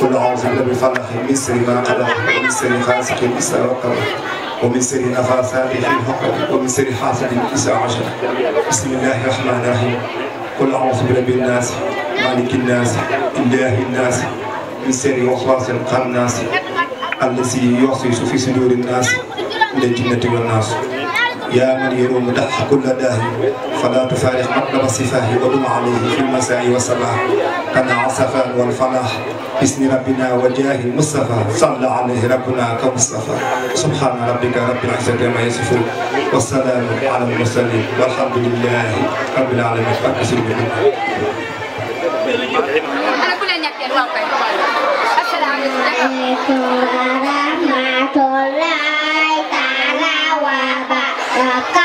[SPEAKER 7] قل اعوذ بالله من من سر ما قدر ومن سر غاسق اذا وقر ومن سر النفاثات في الحقد ومن سر حاسد اذا عشر بسم الله الرحمن الرحيم قل اعوذ برب الناس مالك الناس اله الناس من سر وسواس القناص الذي يوسوس في صدور الناس من الجنه والناس يا من يروم دح كل داه فلا تفارق مطلب صفاه ودم عليه في المساء والصباح قنع الصفاء والفلاح باسم ربنا وجاه المصطفى صلى عليه ربنا كمصطفى سبحان ربك رب العزة ما يصفون والسلام على المرسلين والحمد لله رب العالمين فاكسر
[SPEAKER 5] السلام عليكم ورحمة الله 嘎。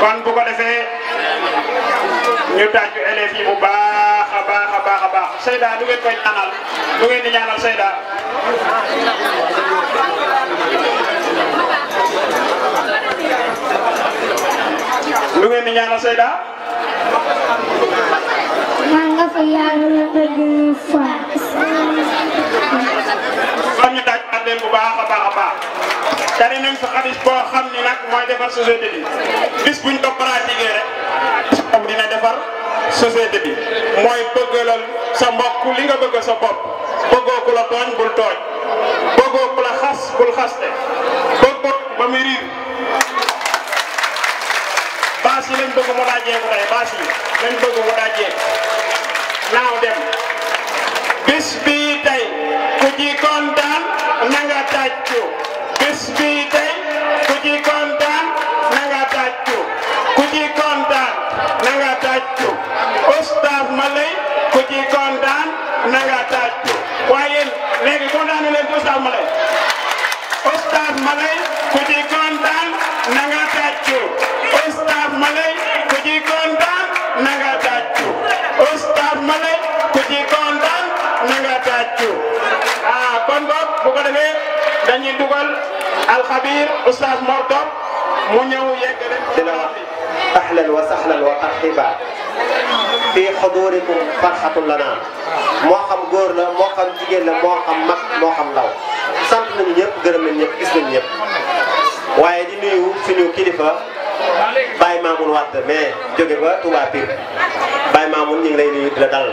[SPEAKER 4] kon bu ko defee ñu tàccu bu baax a baax a baax a baax Seyda lu ngeen koy ñaanal lu ngeen di ñaanal Seyda. lu ngeen di ñaanal Seyda.
[SPEAKER 5] nanggap yàlla na fa.
[SPEAKER 4] kon ñu daaj bu baax a baax tari nañ fa xadis boo xam ni nag defar société bi bis buñ ko pratiquer rek dina defar société bi mooy bëggalal sa mbokk li nga sa la bul la bul ba yi lañ bëgg mu daajeeku tey bâche yi lañ bëgg mu daajeeku naaw dem bis bii tey ku ci kontaan na nga tàccu bis bii tey ku ci kontaan na nga tàccu ku ci kontaan na nga tàccu oustaz Maleye ku ci kontaan na nga tàccu waaye léegi kontaan na leen oustaz Maleye oustaz Maleye dañuy dugal
[SPEAKER 6] alxabir oustaz Mor Top mu ñëw yegg rek dina wax ahlan wa sahlan wa tarxiba fi xudurikum farxatun lana moo xam góor la moo xam jigéen la moo xam mag moo xam ndaw sant nañu ñëpp gërëm nañu ñëpp gis nañu ñëpp waaye di nuyu suñu kilifa Baye Mamoun Wade mais jóge ba Touba Pire Baye Mamoun ñu ngi lay nuyu di la dalal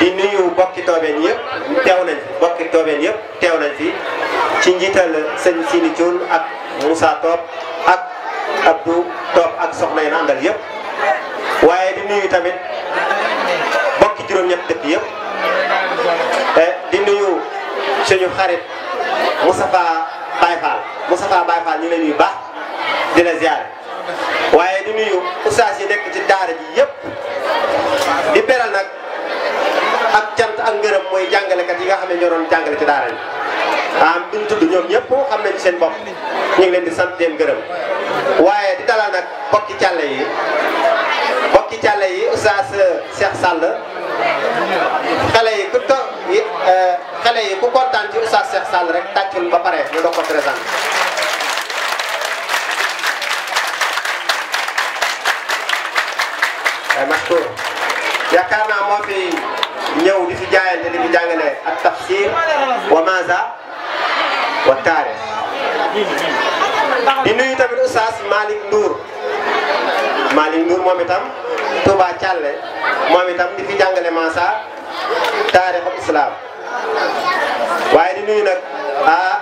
[SPEAKER 6] di nuyu bokki toobeen yëpp teew nañ fi ci njiital sëñ Sini Thioune ak Moussa Top ak Abdou Top ak soxna yi na yëpp waaye di nuyu tamit bokki juróom-ñett dëkk yëpp eh, di nuyu suñu xarit Moustapha Baye Fall Moustapha Baye Fall ñu lay nuyu baax di la waaye di nuyu ustaas yi nekk ci daara ji yëpp di beral nag ak cant ak ngërëm mooy jàngalekat yi nga xam ne ñoo doon jàngale ci daara ji am duñ tudd ñoom ñëpp xam nañ seen bopp ñu ngi leen di sant leen gërëm waaye di dalal nag bokki càlle yi bokki càlle yi ustaas euh, Cheikh Sall xale yi ku to euh, xale yi ku kontaan ci ustaas Cheikh Sall rek tàccul ba pare ñu doog ko présenté waaye Maktoum yaakaar moo fi ñëw di fi jaayante di fi jàngale ak tafsir wa maza wa taarix di nuyu tamit Oustaz Malick Ndour Malick Ndour moom itam Touba Thialé moom itam di fi jàngale Mansa taarixu islam waaye di nuyu nag ah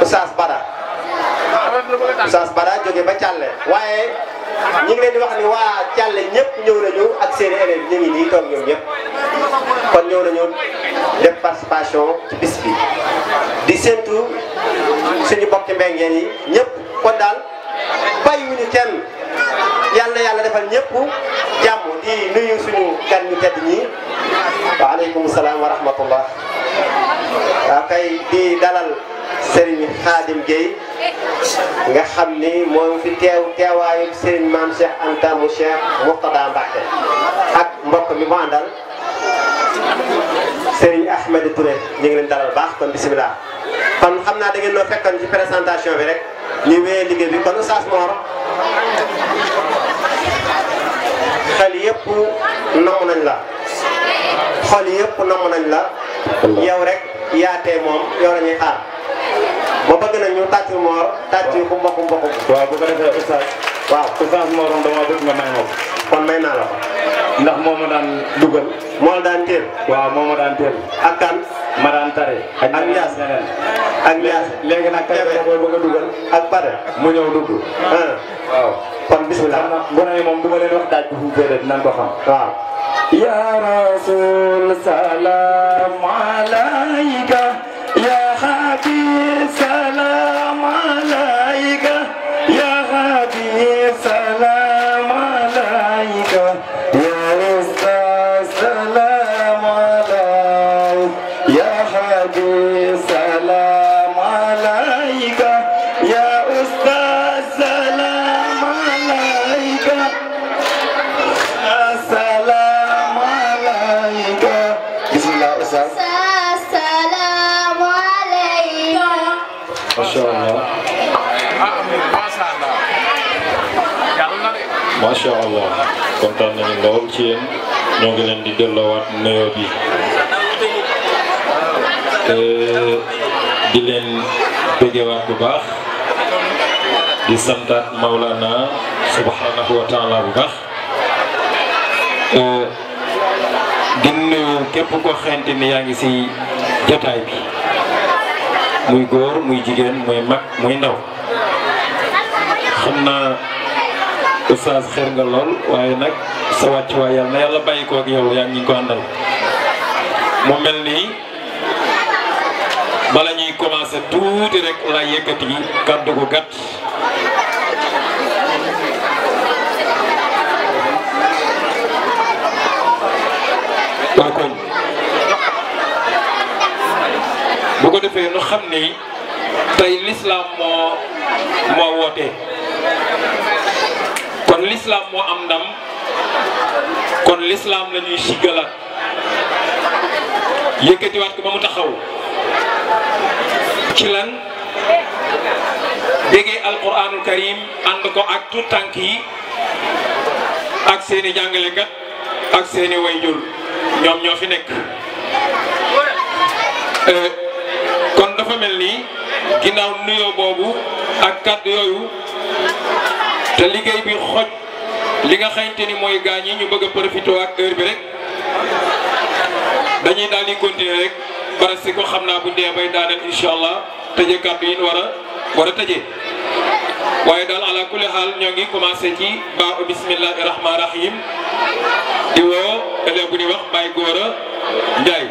[SPEAKER 6] Oustaz Bada. Oustaz Bara jóge ba Thialé waaye ñu ngi leen di wax ni waa Thialé ñëpp ñëw nañu ak seen i élèves ñu ngi nii toog ñoom ñëpp kon ñëw nañu def participation ci bis bi di séntu suñu bokki mbéngeen yi ñëpp kon daal bàyyiwuñu yalla yalla defal ñepp jamm di nuyu suñu kan ñu tedd ñi alaykum assalam wa rahmatullah ah, di dalal Serigne Khadim gey nga xamni mo fi tew teewaayu Serigne mam Cheikh Anta Cheikh muqtada Mbacké ak mbokk mi mo andal Serigne Ahmed Touré ñi ngi leen dalal baax kon bismillah kon xam naa da ngeen noo fekkoon ci présentation bi rek ñu wéyee liggéey bi kon Oustaz Mor xel yëpp namm nañ la xol yëpp namm nañ la yow rek yaate moom yow la ñuy xaar ma bëgg nag ñu tàcc moor tàcc yu ko mbokk mbokk waaw bu ko defee oustaz waaw oustaz Moroom dama bëgg nga may ma kon may naa la ko ndax moo ma daan dugal moo daan teel waaw moo ma daan teel ak kan ma daan tare ak yaas ak yaas léegi nag tey boo bëgg a dugal ak pare mu ñëw dugg ah. waaw kon bismillah gone yi moom du ma leen wax daaj bu fu déedéet dinañ ko xam waaw ya rasul
[SPEAKER 5] salaam alayhi
[SPEAKER 3] kontaan nañu lool ci yéen ñoo ngi leen di delloowaat nuyoo bi di leen bëggewaat bu baax di santaat Maulana subhanahu wa taala bu baax di nuyu képp ko xente ni yaa ngi ci jataay bi muy góor muy jigéen muy mag muy ndaw xam naa oustaz xer nga lool waaye nag sa wàccuwaay yàlla na yàlla bàyyi ko ak yow yaa ngi ko àndal mu mel nii bala ñuy commencé tuuti rek laa yëkkati gu gàtt waa ko defee nu xam ni tey lislaam moo moo wootee l'islam mo am ndam kon l'islam lañuy ñuy yekati wat ko bamu taxaw ci lan dege alquranul karim and ko ak tout tànk yi ak seeni kat ak seeni wayjur ñom ño fi nekk euh, kon dafa melni ginaaw nuyo bobu ak kaddu yoyu te liggéey bi xoj li nga xamante ni mooy gaañ yi ñu bëgg a profité ak heure bi rek dañuy daal di continuer rek bara ko xam naa bu dee bay daaneel incha allah tëjee kàddu yi war a war a tëjee waaye daal ala kulli xaal ñoo ngi commencé ci baaxu bismillahi rahmaan rahim di woo élève bu di wax Baye Gora Ndiaye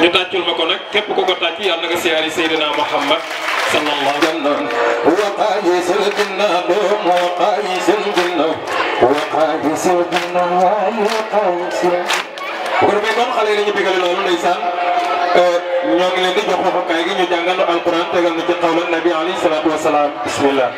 [SPEAKER 3] ñu tàccul ma ko nag képp ko ko tàcc yàlla na nga siyaari Seydina Muhammad صلى الله عليه وسلم وقايس الجنة وقايس الجنة وقايس الجنة وقايس gurbe kon xale yi dañu bégal loolu ndeysaan ñoo ngi leen di jox waxukaay gi ñu jàngal alquran tegal na ci xawla
[SPEAKER 5] nabi alayhi salaatu wasalaam
[SPEAKER 2] bismillah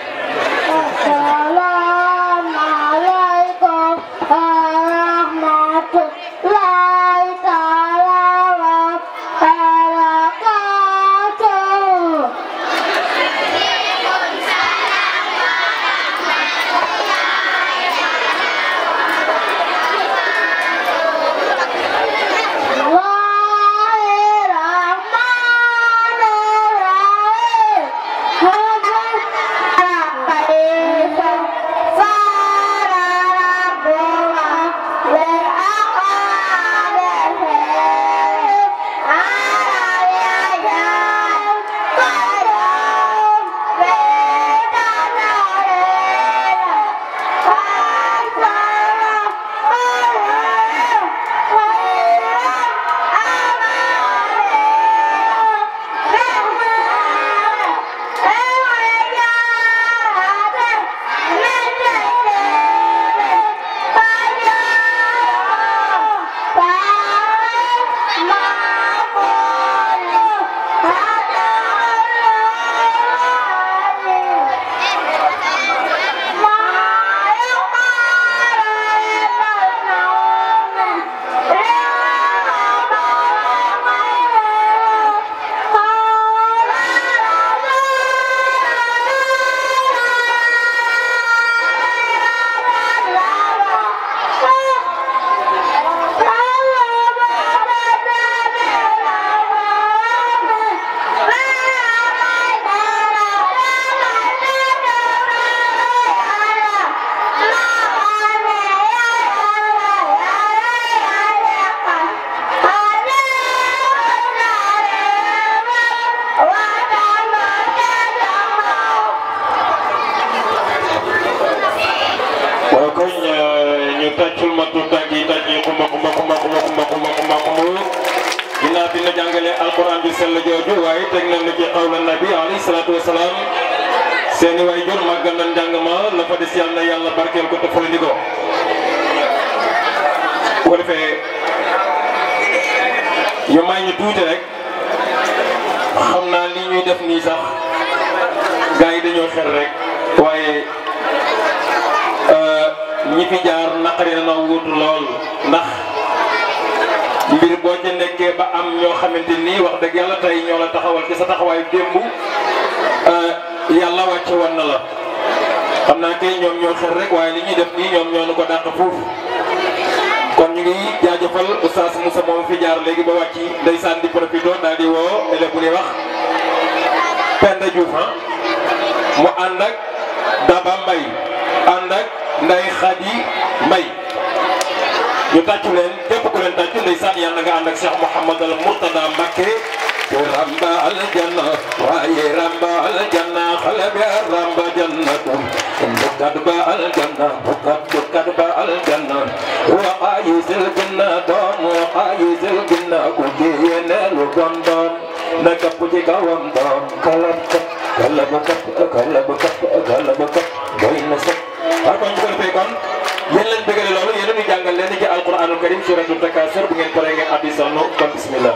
[SPEAKER 3] jël ko def fële ñu ko defee ñu may ñu tuuti rek xam naa li ñuy def nii sax gars yi dañoo xel rek waaye euh, ñi fi jaar naqari na wuutu lool ndax mbir boo ca nekkee ba am ñoo xamante nii wax dëgg yàlla tey ñoo la taxawal ci sa taxawaayu démb euh, yàlla wàcce woon na la. xam naa kay ñoom ñoo xel waaye li ñuy def nii ñoom ñoo nu ko dàq fuuf kon ñu ngi jaajëfal oustaz Moussa moom fi jaar léegi ba wàcc ndeysaan di profito daal di woo élève bu ñuy wax Penda Diouf ah mu ànd ak Daba Mbaye ànd ak Ndeye Khady ñu tàccu leen képp ku leen tàccu ndeysaan yàlla nga ànd ak Cheikh Mouhamadal Mourtada Mbacké رب الجنة وأي رب الجنة خلب يا رب جنة بكت الجنة بكت بكت الجنة وقايس الجنة دون وقايس الجنة كنتي ينال دون نكب جيكاوم دون كلب كب كلب كب كلب كب كلب كب بين سب أكون كلبكم yéen lañ bëggale loolu yéen a ngi jàngal leen ci alquranul karim suratul takasur bu ngeen paree ngeen abdi sal nur kon bismillah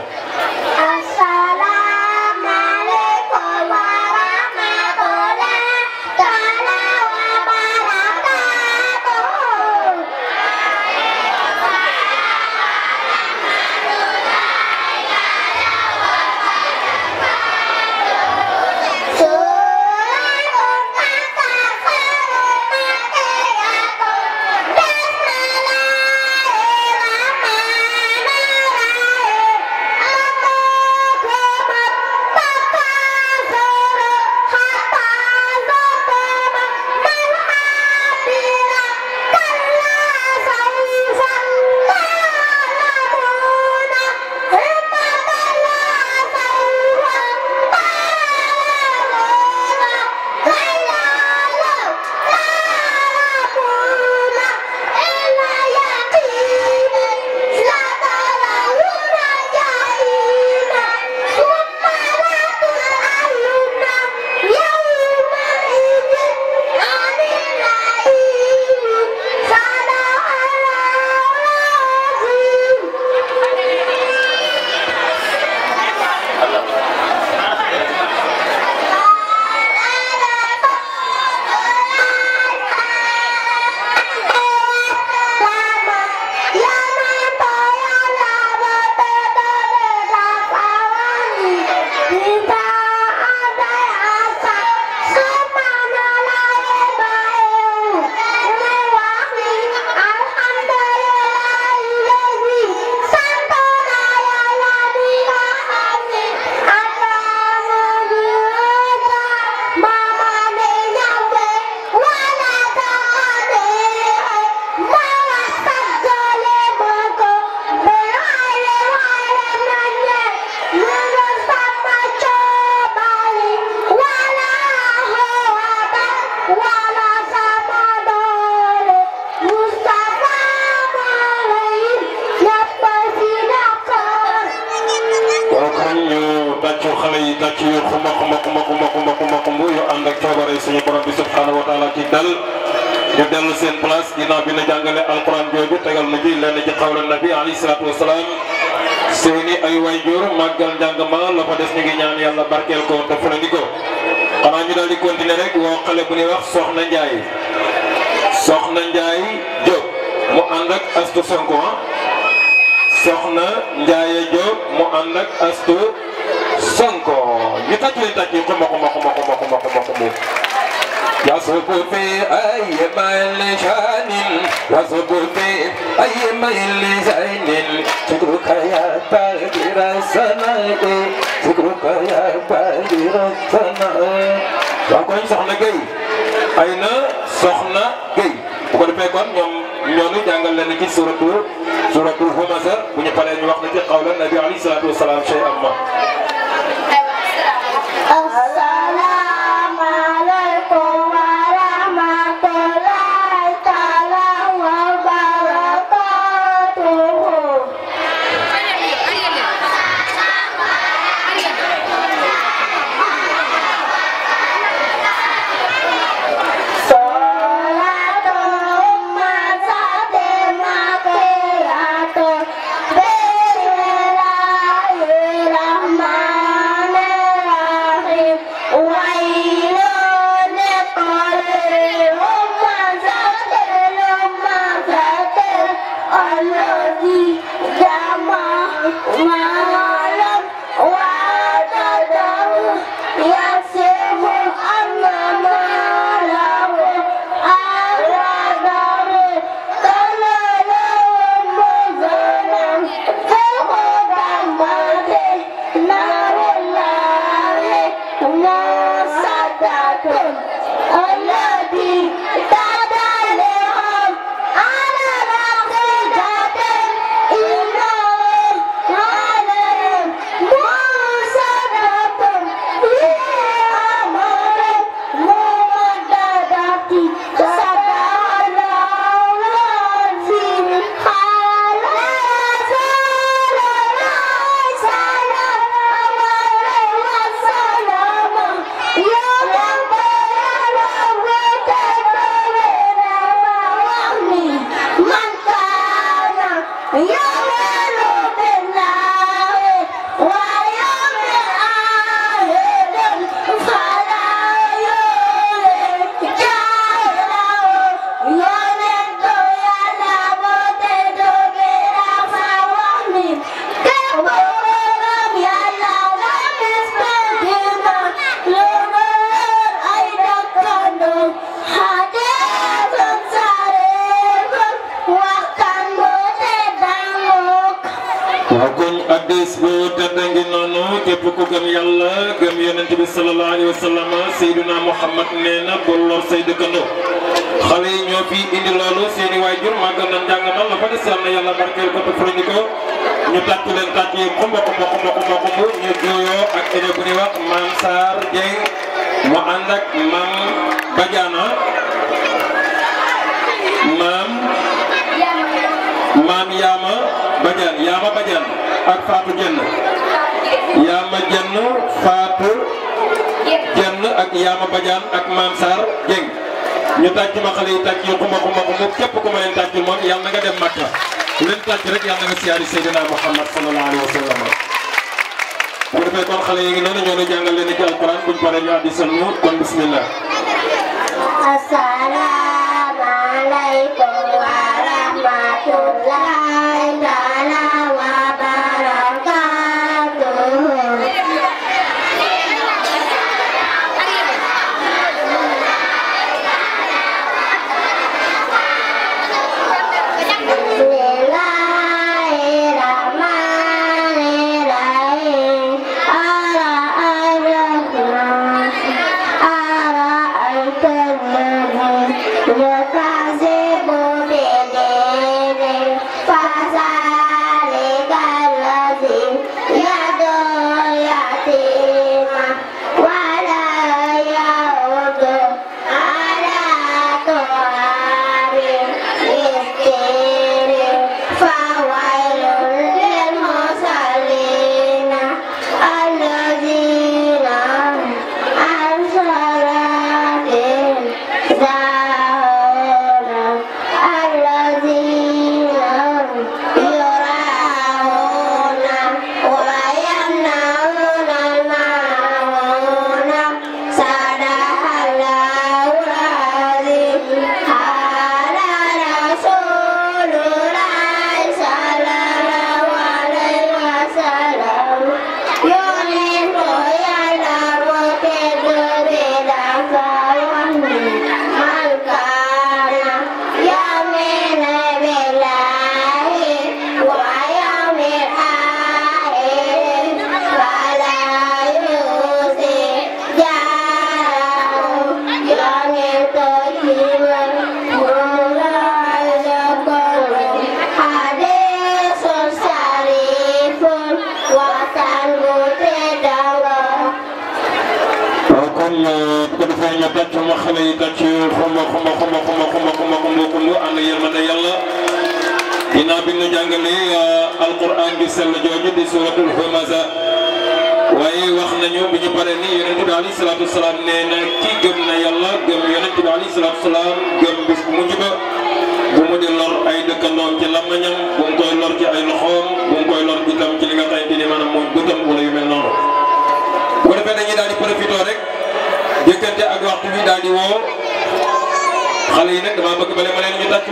[SPEAKER 3] وسقطي أي ميل شان وسقطي أي ميل زين شكرك يا بدر السماء شكرك يا بدر السماء وكون سخنا جاي أين سخنا جاي وكون بيكون يوم ñooñu jàngal leen ci suratul suratul Humasa bu ñu paree ñu wax na ci xawla nabi alayhi
[SPEAKER 4] salaatu wasalaam shay amma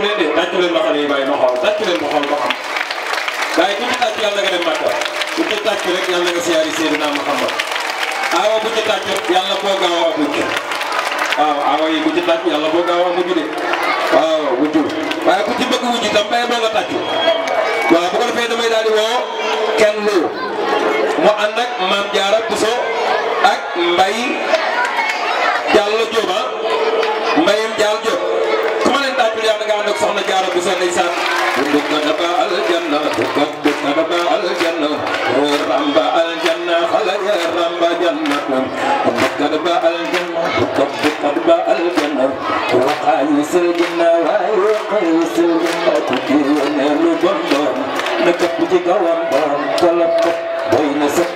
[SPEAKER 3] leen de tàcc leen loxo yi bàyyi ma xool tàcc leen ma xool ma xam waaye ku ci yàlla nga dem Màkka ku ci rek yàlla nga siyaari Seydina Muhammad awa bu ci tàcc yàlla boo gaaw a mujj waaw awa yi bu ci yàlla boo gaaw a mujj de waaw wujjul waaye ku ci bëgg wujj tam nga tàcc waaw bu ko defee damay daal woo kenn lu mu ànd ak maam jaara ak mbay Busa ndeysaan dunduk na daba aljanna dunduk na daba aljanna ramba aljanna xalañ ramba janna dunduk na daba aljanna dunduk na daba aljanna waxaañu sëlginna waaye waxaañu sëlginna ku kii wane lu bon bon na këpp ci kawam borom tolop
[SPEAKER 2] boy na sëpp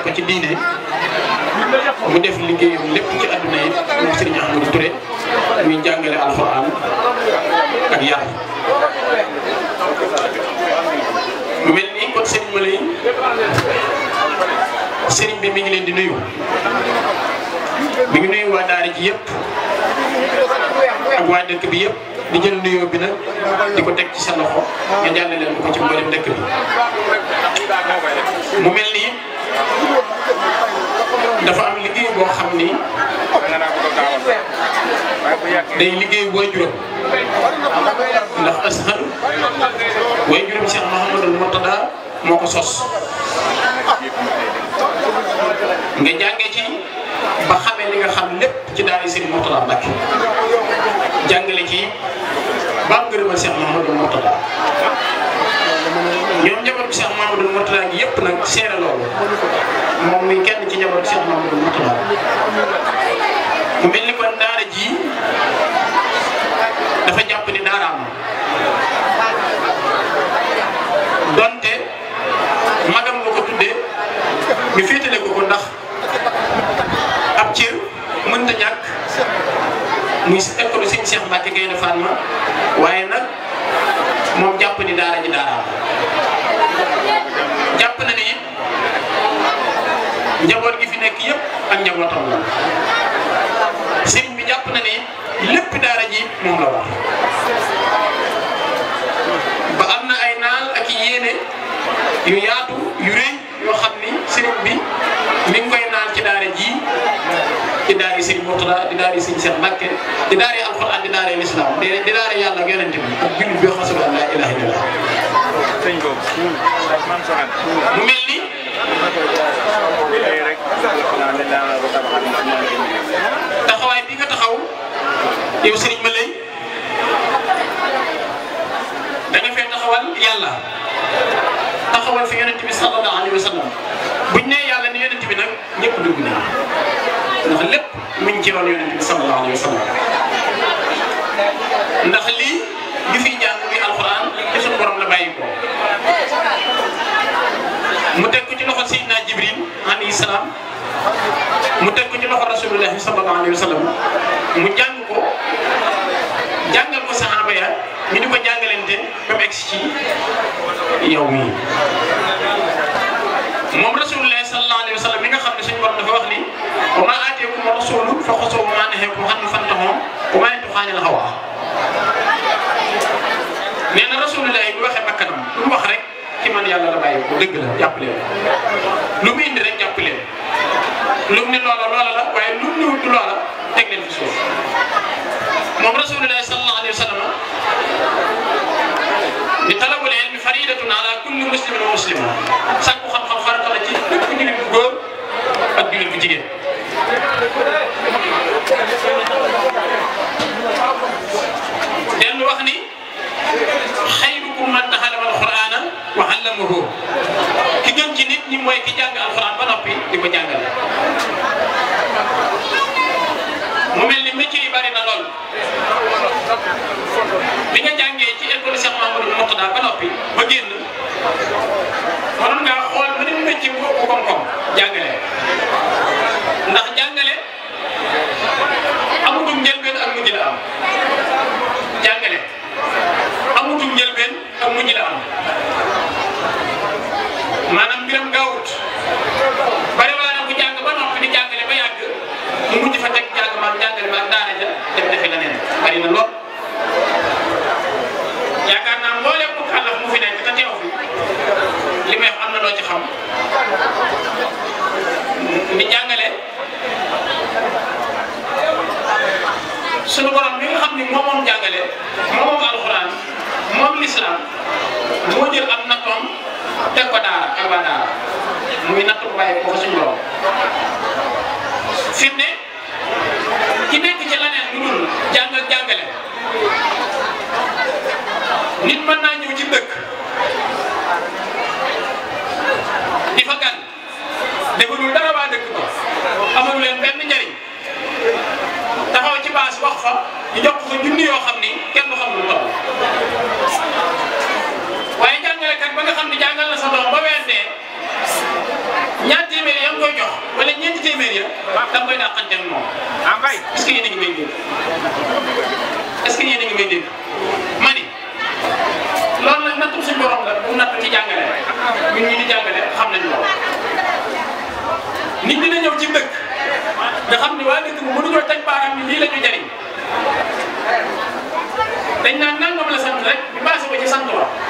[SPEAKER 8] jaar ko ci diine mu def liggéeyam lépp ci àdduna yi moom Serigne Ahmadou Touré muy jàngale alxuraan ak yar mu mel nii kon Serigne ma lay Serigne bi mu ngi leen di nuyu mu ngi nuyu waa daara ji yëpp ak waa dëkk bi yëpp di jël nuyoo bi nag di ko teg ci sa loxo nga jàllale leen ko ci mboolem dëkk bi mu mel nii dafa am liggéey boo xam ni day liggéey waajuram ndax asxan waajuram Cheikh Mouhamadul Mourtada moo ko sos nga jànge ci ba xamee li nga xam lépp ci daal di Serigne Mourtada Mbacke jàngale ci ba am gërëmal Cheikh Mouhamadul Mourtada ñoom njabootu Cheikh Mamadou Mourtada gi yëpp nag seere loolu moom muy kenn ci njabootu Cheikh Mamadou Mourtada mu mel ni kon daara ji dafa jàpp ni daara am ko tuddee ñu féetale ndax ab cër mënta ñàkk muy école sëñ Cheikh Mbacke Gaynde Fatma waaye nag moom jàpp ni daara ji daara njaboot gi fi nekk yëpp ak njabootam la sëriñ bi jàpp na ni lépp daara ji moom la wax ba am na ay naal ak yéene yu yaatu yu rëy yoo xam ni sëriñ bi mi ngi koy naal ci daara ji di daara yi sëriñ Murtada di daara yi sëriñ Seex Mbàkke di daara yi alxuraan di daara bi ak jullit bi xasula mel ni taxawaay bi nga taxaw yow sëriñ ma lay da nga fee taxawal yàlla taxawal fi yonent bi sallallahu alayhi wa sallam buñ nee yàlla ni yonent bi nag ñëpp dugg na ndax lépp muñ ci roon yonent bi sallallahu alayhi wa sallam ndax lii li fiy jàng bi alxuraan ci suñu borom la bàyyi ko mu teg ko ci loxo Seydina Jibril alayhi salaam mu teg ko ci loxo rasulullahi sallallahu alayhi mu jàng ko jàngal ko saxaaba ya ñu di ko jàngalante ba mu egg ci yow mii moom rasulullahi sallallahu alayhi wa sallam mi nga xam ne suñu borom dafa wax ni wa maa aateekum rasulu fa xusuu wa maa nahaakum anhu fantahuu wa maa yantiqu anil hawaa nee na rasulullahi bu waxee bakkanam lu wax rek. ci man yàlla la bàyyi ko dëgg la jàpp leen lu mu indi rek jàpp leen lu mu ne loola loola la waaye lu mu ne wut loola teg leen fi suuf moom rasulullahi sallallahu alayhi wa sallam
[SPEAKER 2] ni talabul ilmi
[SPEAKER 8] faridatun ala kulli muslimin wa muslima sàkku xam-xam farata la ci bépp jullit bu góor ak jullit bu jigéen den wax ni xayrukum man taxalama alqurana wa allamahu ki gën ci nit ñi ki jàng alxuraan ba noppi di ko jàngale mu mel ni métier yi bari na lool bi nga jàngee ci école Cheikh Mamadou Mourtada ba noppi ba génn mënoon ngaa xool ba nit métier bu ëpp koom-koom jàngale ndax jàngale amutum njëlbeen ak mujj la am jàngale amutum njëlbeen ak mujj la am maanaam mbiram gaawut bari waa na ku jàng ba noppi ba yàgg mu mujj jàng maam ba ak daara ja dem defi la neen bari na lool yaakaar naa mbooleem bu kàllaf mu fi nekk te teew li may am na loo moom moom jàngale moom moom alxuraan moom lislaam moo jël am na toom teg ko daara teg waa daara muy natt bu ko suñu borom fi ki nekk ci leneen lu dul jàng ak jàngale nit mën naa ñëw ci dëkk di fa gan defalul dara waa dëkk ko amalu leen benn njariñ taxaw ci baas wax fa ñu jox ko junni yoo xam kenn du ñaar téeméer ya koy jox wala ñeenti téeméer ya da koy dàqante ak moom ah kay est ce que yéen a ngi may dégg est ce que yéen a ngi may dégg ma ni loolu nag nattum suñu borom la bu natt ci jàngale ñun ñi di jàngale xam nañ loolu nit dina ñëw rek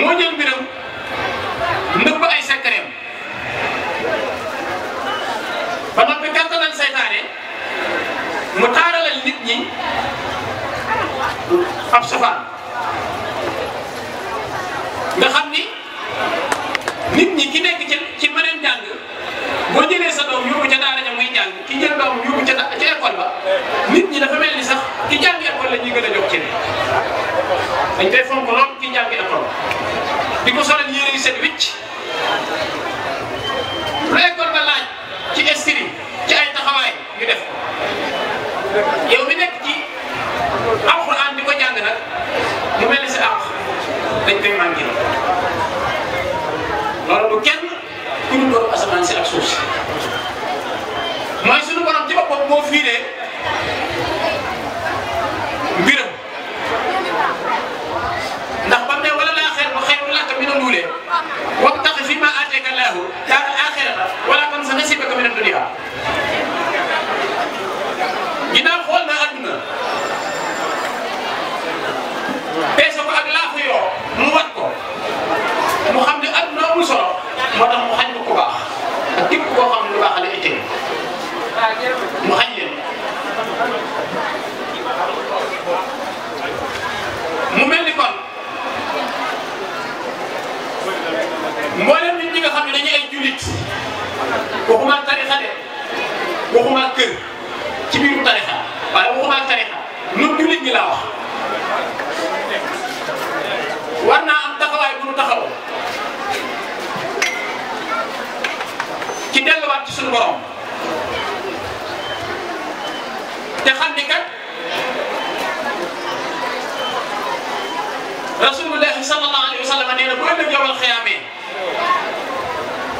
[SPEAKER 8] moo jël mbiram nëbb ay sekkareem ba noppi kattanal seytaane mu taaralal nit ñi ab safaan nga xam ni nit ñi ki nekk ci ci beneen jàng boo jëlee sa doom yóbbu ca daara ja muy jàng ki jël doom yóbbu ca ca école ba nit ñi def mel ni sax ki jàng école la ñuy gën a jox ci dañ koy fonk lool ki jàng école di ko solal yére yu set wicc ci ay taxawaay yu def yow mi nekk ci alxuraan di ko jàng nag mu mel ni sa àq dañ koy manqué loolu du kenn. fi mu doon asamaan ak suuf si mooy borom ci boppam moo fiiree mbiram ndax bam ne wala laaxeer bu xeetu làkk mi doon wulee fi ma aateka laahu daara aaxirata wala tan sa nasibaka min na ko ak mu wat ko mu xam solo moo tax mu xañ ko ku baax ak képp koo lu baax la itteel mu xañ leen mu mel ni kon mboolem nit ñi nga xam ne dañuy ay jullit waxuma tarixa de waxuma kër ci biiru tarixa waaye waxuma tarixa ñun jullit ñi laa wax war naa am taxawaay bu nu taxaw ci delluwaat ci suñu borom te xam ni kat rasulullahi sallallahu alayhi wa sallam nee na bu ëllëg yowal xiyaamee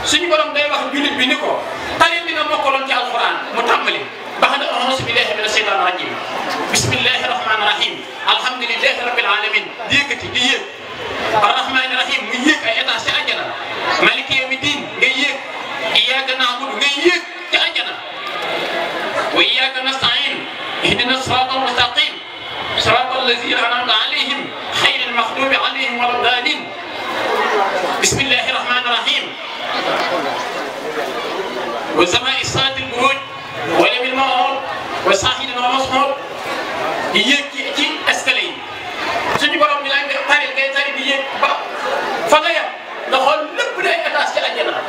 [SPEAKER 8] suñu borom day wax jullit bi ni ko tari bi nga mokkaloon ci alquran mu tàmbali baxda a'uuzu billahi mina shaytaani rajiim bismillahi rahmaani rahiim alhamdulillahi rabbil alamin di yëkkati di yéeg arrahmaani rahim mu yéeg ay étage ci àjjana maliki yawmi diin ngay yéeg إياك نعبد ويك تأجنا وإياك نستعين اهدنا الصراط المستقيم صراط الذين أنعمت عليهم خير المخلوب عليهم ولا الضالين بسم الله الرحمن الرحيم والسماء الصاد البروج ولم المعور وصاحب ومصحور يك ci escalier yi suñu borom bi la nga tari ngay tari bi yéeg ba fa nga yem nga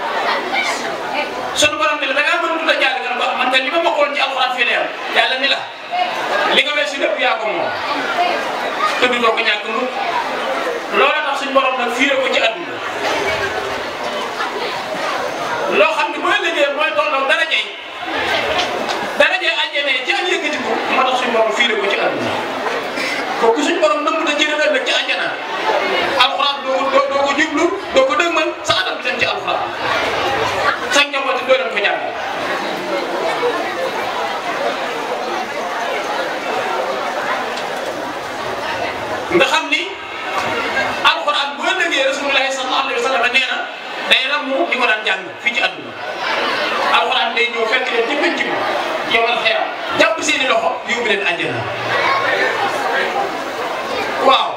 [SPEAKER 8] sunu borom bi la da ngaa mën a dund ak ko ah, man de li ma bokkoon ci alxuraan fii leer yàlla la li nga weesu lépp yaa ko moom tëdd doo ko ñàkk daan jàng fii ci àdduna alxuraan day ñëw fekk leen ci pénc bi yowal xeer jàpp seen i loxo yóbbu leen àjjana waaw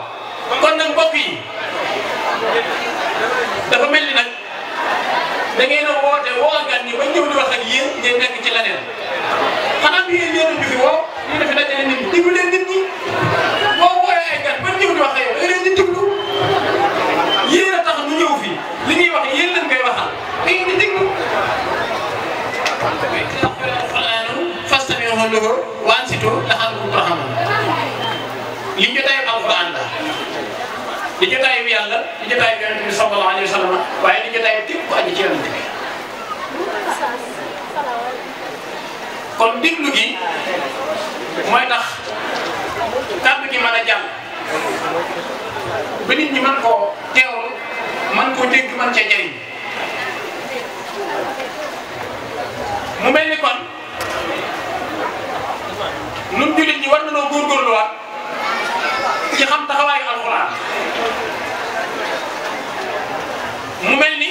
[SPEAKER 8] kon nag mbokk yi dafa mel ni da ngeen a woote woo gan ñi ba ñëw di wax ak yéen ngeen nekk ci fi ñu dajale nit ñi nit ñi loko wansitu lahandu rahamu li jotaay alquran la li jotaay bi yàlla li jotaay bi yonente bi sallallahu alayhi wa sallam waaye li
[SPEAKER 5] jotaay tépp aji ci yonente bi
[SPEAKER 8] kon déglu gi mooy tax kàddu gi mën a jàll nit ñi mën mu kon nun jullit ñi war nañoo góorgóorluwaat ci xam taxawaayu alxuraan mu mel ni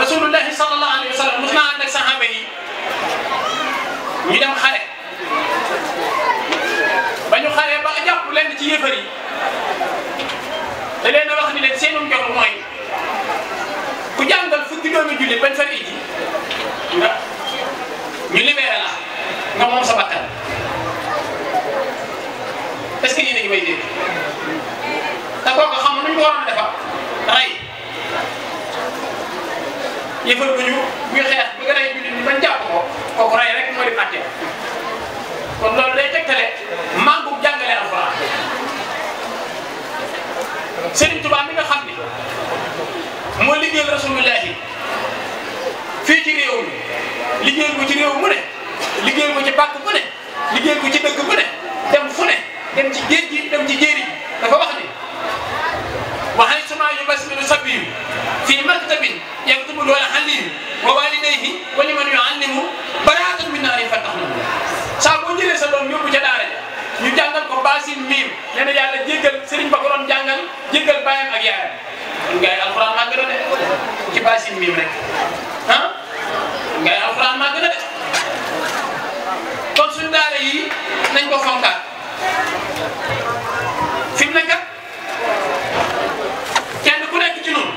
[SPEAKER 8] rasulullahi sallallahu alayhi wa sallam mos naa ànd ak saxaaba yi ñu dem xare ba ñu xaree ba jàpp lenn ci yëfër yi da leen wax ni leen seenum jox mooy ku jàngal fukki doomi jullit bañ fa indi nga ñu libéré la nga moom sa bakkan est ce que yéen a ngi may dégg te kooku xam nu ñu ko waroon a bu ñu buy xeex bi nga rey bi ñu bañ jàpp ko kooku rey rek mooy di àtte kon loolu day tegtale mangu jàngale alxuraan Serigne Touba mi nga xam ni moo liggéeyal rasulullahi fii ci réew mi liggéeyal ko ci réew mu ne liggéeyal ko ci bàkk bu ne liggéeyal ko ci dëkk bu ne dem fu ne dem ci géej gi dem ci jéeri ji dafa wax ni waxan suma yu bas sa sabiyu fii maktabin yaktubu wala xaliyu wa walidayhi wa liman yuallimu baraatan min naari fatax na saa boo jëlee sa doom yóbbu ca daara ja ñu jàngal ko baasin miim nee na yàlla jéggal sëriñ ba ko doon jàngal jéggal bàyyam ak yaayam kon gars yi alxuraan màgg ci baasin miim rek ah? ngay alxuraan màgg na de kon suñu daara yi nañ ko fonkaat fi mu nekkat kenn ku nekk ci noonu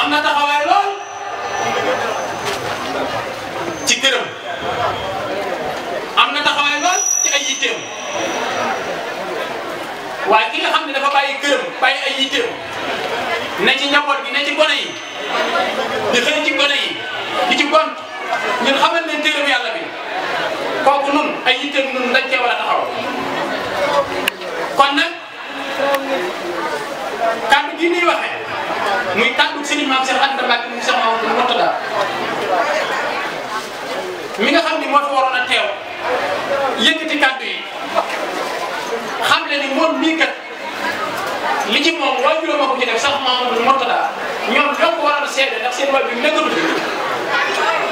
[SPEAKER 8] am na taxawaay lool ci gërëm am na taxawaay lool ci ay waaye ki nga xam ne dafa bàyyi gërëm bàyyi ay yitteem ne ci njaboot gi ne ci gone yi di xëy ci gone yi di ci gont ñun xamal ne yàlla bi kooku nun ay yitteem nun dañ cee war a taxaw kon nag kàddu gi ñuy waxee muy kàddu sëriñ maam Cheikh Anta Mbacke mu Cheikh Mamadou Mourtada mi nga xam ni moo fi waroon a teew yëkkati kàddu yi xam le ni moom mii kat li ci moom waajur ma ko ci def sax Mamadou Mourtada ñoom ñoo ko waral seede ndax seen waajur nekkatu fi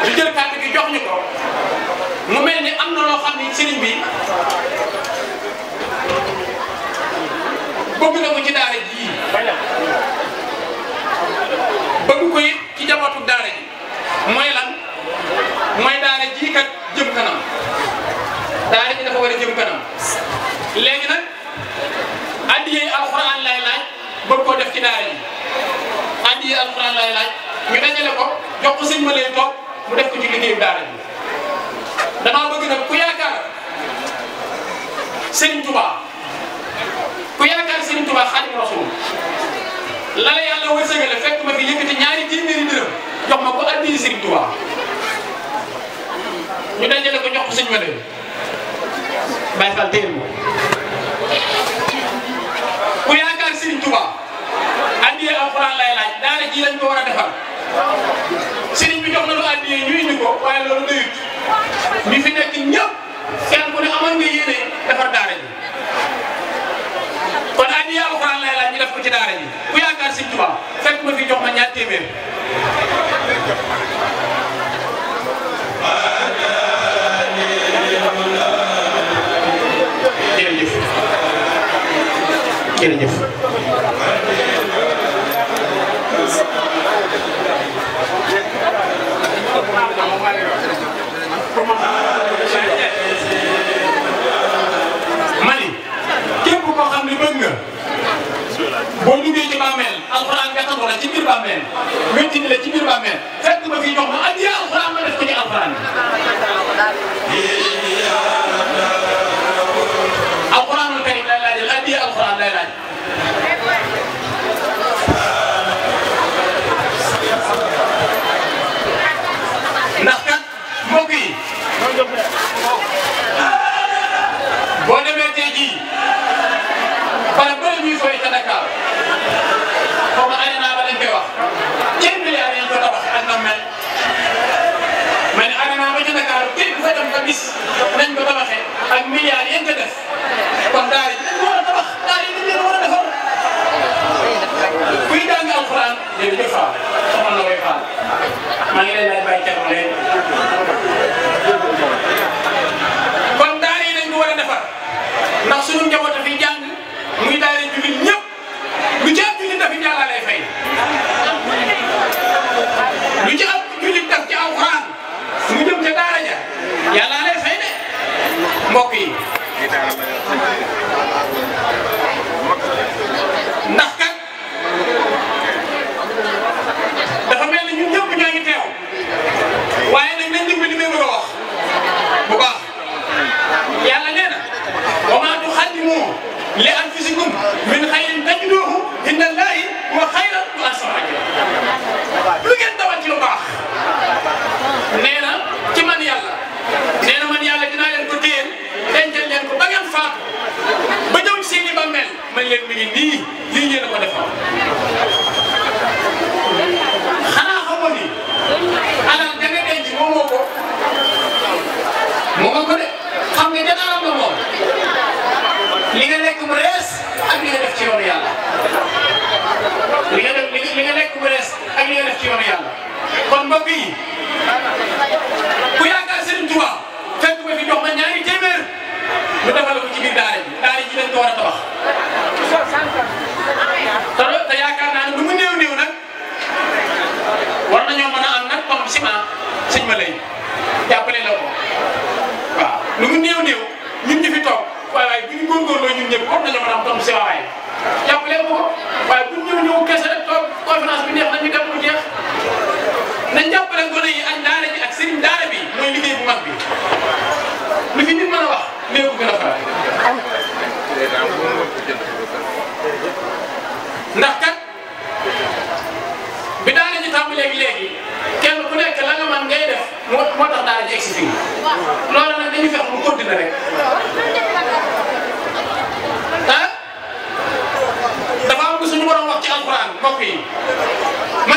[SPEAKER 8] lu jël kàddu gi jox ñu ko mu ni am na loo ni sëriñ bi bëgg na ko ci daara ji bëgg ko it ci jabootu daara ji mooy lan mooy daara ji kat jëm kanam daara ji dafa war jëm kanam daara yi addiya alxuraan lay laaj ñu dajale ko jox ko ma leen toog mu def ko ci liggéeyu daara bi damaa bëgg nag ku yaakaar sëñ Tuubaa ku yaakaar sëñ Tuubaa yàlla wërsëgale fekk ma fi yëkkati ñaari ko addiya sëñ Tuubaa ñu dajale ko jox ko sëñ ma leen bàyyi fal téeméer ku yaakaar sëñ Tuubaa addiyee alxuraan lay laaj ji lañ ko war a defal bi jox na lu addiyee ñu indi ko waaye loolu doyut ñi fi nekk ñëpp kenn ku nga yéene defar daara ji kon addiyee alxuraan lay ñu def ko ci daara ji ku yaakaar sëriñ Tuubaa fekk ma fi jox ma ñaar téeméer jërëjëf jërëjëf mani képp koo xam ne bëgg nga boo duggee ci bàmmeel alxuraan nga taggu la ci biir bàmmeel wétti ni la ci biir bàmmeel fekk ma fi jox ma addiya alxuraan ma def ko ci alxuraan alxuraanul karim lay laaj addiya alxuraan lay laaj boo demee tey jii bala bëri ñuy fay ca Dakar xaw ma arena ba lañ koy wax kenn milliards yi ñu ko tabax ak na mel mais ne arena ba ca Dakar képp ku fa dem ba gis nañ ko tabaxee ak milliards yi ñu def kon daal yi dañ ko war a tabax daal yi dañ leen war a defar kuy jàng alxuraan jërëjëf Fall soxna Ndoye Fall maa ngi leen lay bàyyi càmm leen. suñu njaboot dafay jàng muy daara jullit ñëpp lu ci ab jullit dafi yàlla lay fay lu ci ab jullit daf ci alxuraan mu jëm ca daara ja yàlla lay fay de mbokk yi تقدموه لأنفسكم من خير تجدوه إن الله وخير الأسرار lu ngeen dawal ci lu baax nee na ci man yàlla nee na man yàlla dinaa leen ko téyeel dencal leen ko ba ngeen faatu ba ñëw seen i bàmmeel man leen mi ngi nii lii ngeen li nga nekk mu rees ak li nga def ci yoonu yàlla li nga li nga nekk mu rees ak li nga def ci yoonu yàlla kon mbokk yi ku yaakaar Serigne Touba fekk ma fi jox ma ñaari téeméer mu defal ko ci biir daara comme dañoo mën a am tontu si waawaay jàppale ko waaye bu ñu ñëw ñëw kese rek toog conférence bi neex na ñu dem mu jeex nañ jàppale gone yi ak daara ji ak sëriñ daara bi mooy liggéey bu mag bi lu fi nit mën a wax néew ko gën a faral. ndax kat bi daara ji tàmm léegi léegi kenn ku nekk la nga mën ngay def moo moo tax daara ji egsi fii loolu nag dañuy fex mu continuer rek. ci alquran mbokk yi ma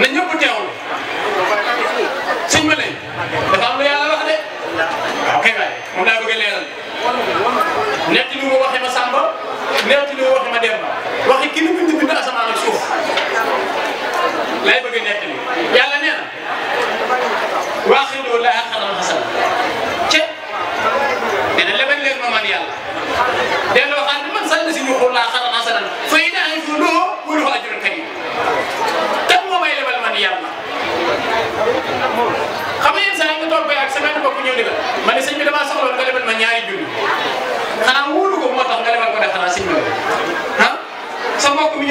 [SPEAKER 8] na ñëpp teewlu sëñ ma dafa lu yàlla wax de waaw kay waay moom bëgg a leeral lu mu waxe ma sàmba nekk lu waxe ma demba waxe ki ni bind bind asamaan ak suuf lay bëgg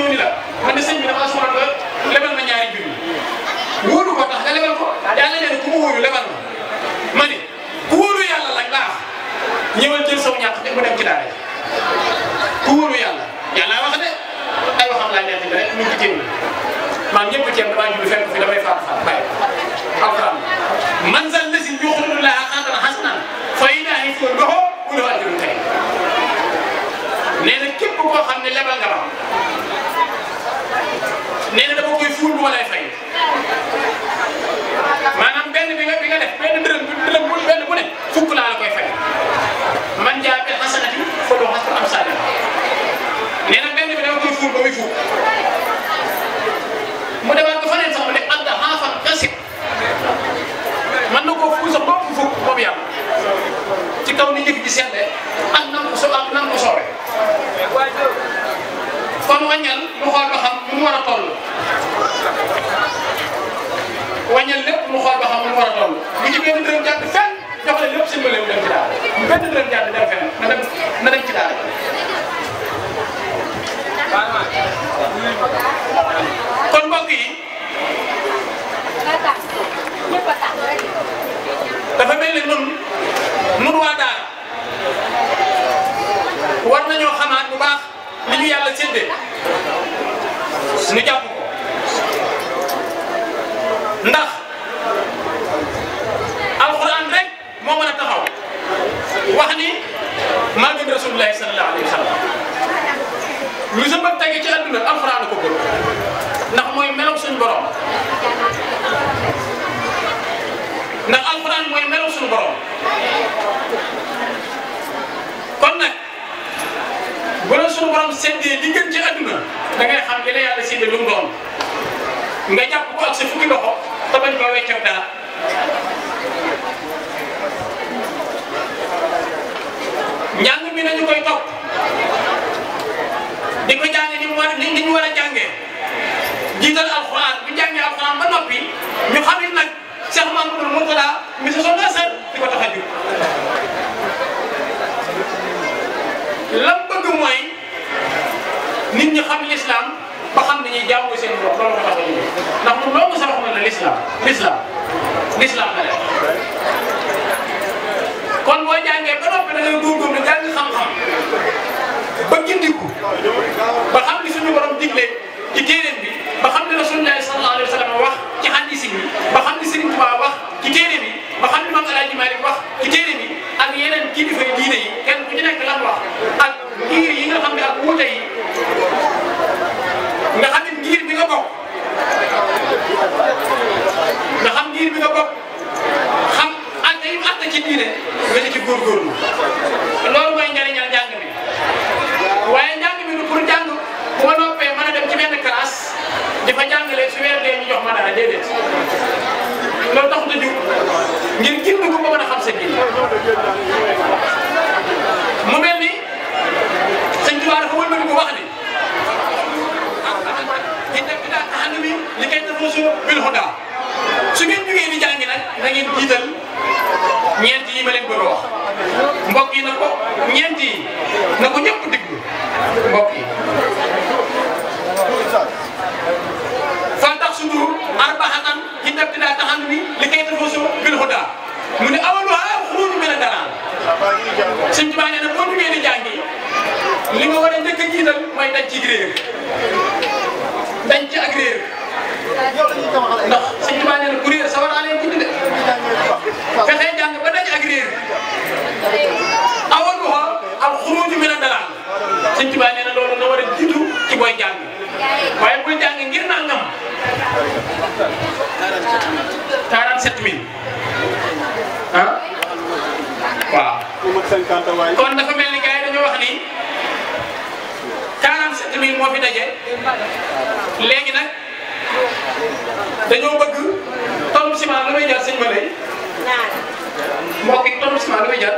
[SPEAKER 8] junni la man de sëñ bi damaa sonal la lebal ma ñaari junni wóolu ko tax nga lebal ko yàlla nee na ku ma wóolu lebal ma ma ne ku wóolu yàlla la laax ñëwal jël saw ñàkk te mu dem ci daara ku wóolu yàlla yàlla wax de ay waxam laa neex rek ñu ngi ci teewlu maam ñëpp ceeb damaa judd fekk fi damay faatu faatu bàyyi sëñ Tuubaa nee na nga war a ci booy jàng waaye booy jàng ngir nangam 47000 ah kon dafa mel ni dañu wax ni 47000 moo fi daje léegi nag bëgg ciment jar ciment jar.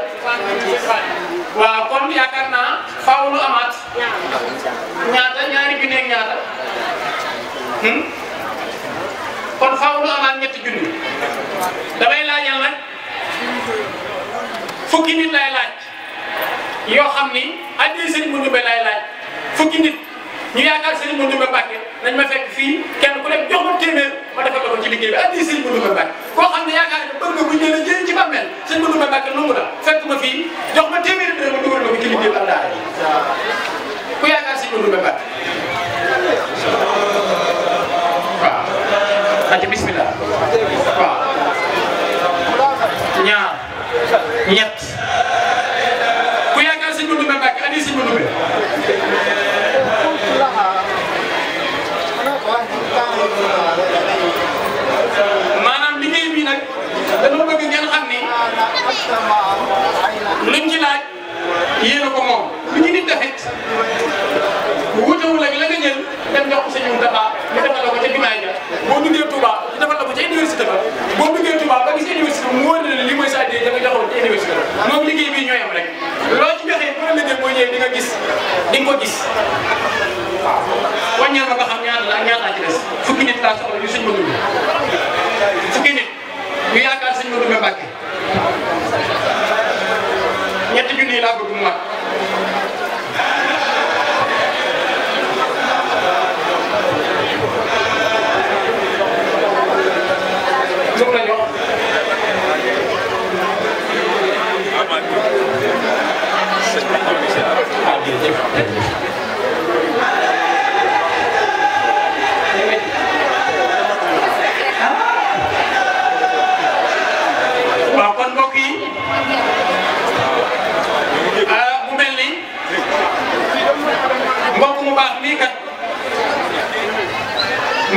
[SPEAKER 8] waaw kon yaakaar naa faaw amaat. ñaata ñaari junni ak ñaata. Hmm? kon faaw amaat ñetti junni damay laajal nag fukki nit lay laaj yoo xam ni addi sëñ Moundoumbe lay laaj fukki nit. ñu yaakaar sëriñ Mountakha Mbacké nañ ma fekk fii kenn ku nekk jox ma téeméer ma defal ko ci liggéey bi addi sëriñ Mountakha Mbacké koo xam ne yaakaar ne bëgg bu ñu la jëlee ci bàmmeel sëriñ Mountakha Mbacké nangu na fekk ma fii jox ma téeméer bi ma dugal ma ko ci liggéey bi daara yi ku yaakaar sëriñ Mountakha Mbacké waaw ante bismillah waaw ñaar ñett yéen a ko moom bu ñu nit defit wutewul ak la nga jël dem jox ko sëñ Mountakha la ko ca jumaa ja boo duggee Touba ñu defal la ko ca université ba boo duggee a ba gis université mu wóor na la li mooy sa addiya nga joxoon ca université ba liggéey bii ñooy am rek loo ci joxee bu la liggéey boo ñëwee di nga gis di nga ko gis waaw wàññeel ma nga xam ñaata la ak ñaata ci des fukki nit laa soxla yu sëñ Mountakha fukki ñetti junni yi laa bëgg mu mat
[SPEAKER 2] Thank you.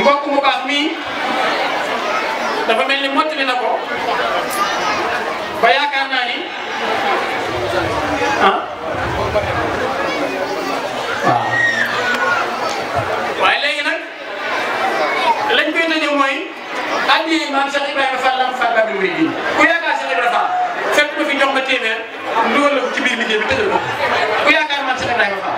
[SPEAKER 8] mbokk mu baax mi dafa mel ni mottali ba yaakaar naa ni ah waaw waaye léegi nag lañ koy tëjee mooy addi maam Cheikh Ibrahima Fall lam Fall Babou Mourideen ku yaakaar Cheikh Ibrahima Fall fekk ko fi jox ma téeméer ndóol ci biir liggéey bi tëjal ko ku yaakaar maam Cheikh Ibrahima Fall.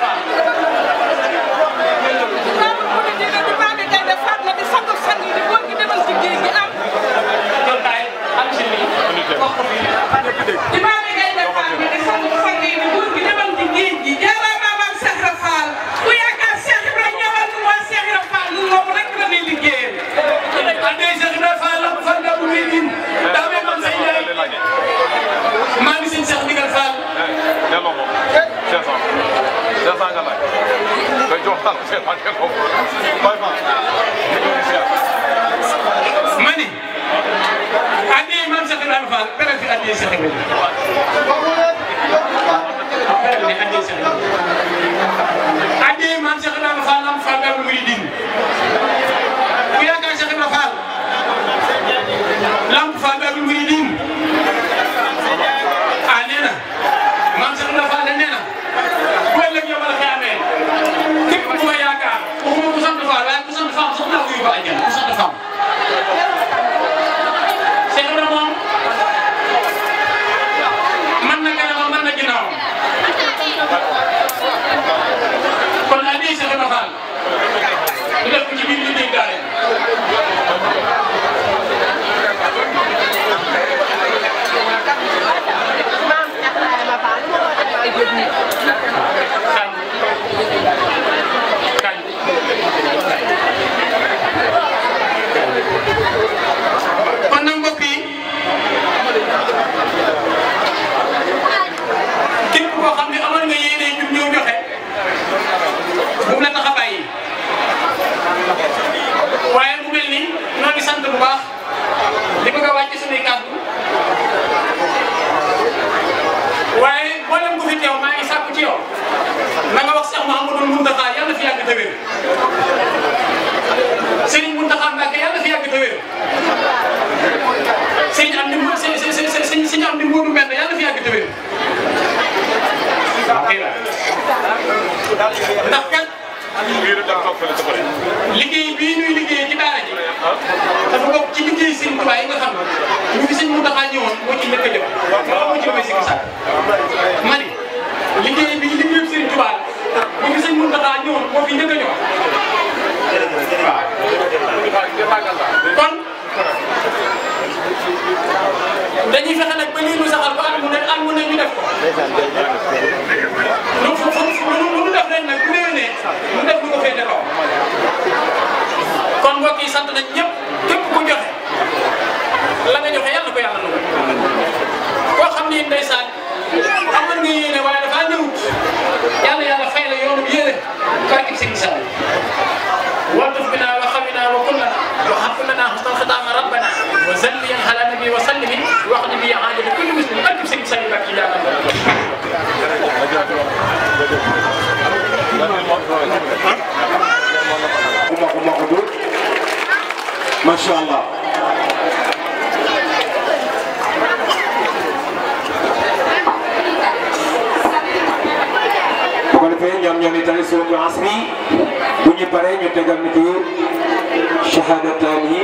[SPEAKER 8] Thank you. 就让这完全口官方。ما ني عندي امام سخي الانفال بلا في عندي سخي عندي امام سخي الانفال انفال بلا المريدين ويا كان سخي الانفال لام فال بلا المريدين 아니야. liggéey bii ñuy liggéey ci daara ji dafa bokk ci liggéey sëñ Tuubaa yi nga xam ñu fi sëñ Muntaxaa ñëwoon moo ci njëkk a jëm loolu moo ci may sikki sax ma ni liggéey bi liggéeyu sëñ Tuubaa la ñu fi sëñ Muntaxaa ñëwoon moo fi njëkk a ñëw kon dañuy fexe nag ba lii ñu saxal ba at mu ne at mu ne ñu def ko sañ ba ci daanam
[SPEAKER 6] kuma kuma ko dul masha Allah
[SPEAKER 3] bu ko defee ñoom ñoom itam suñu asri bu ñu paree ñu tegal ñu shahadatan yi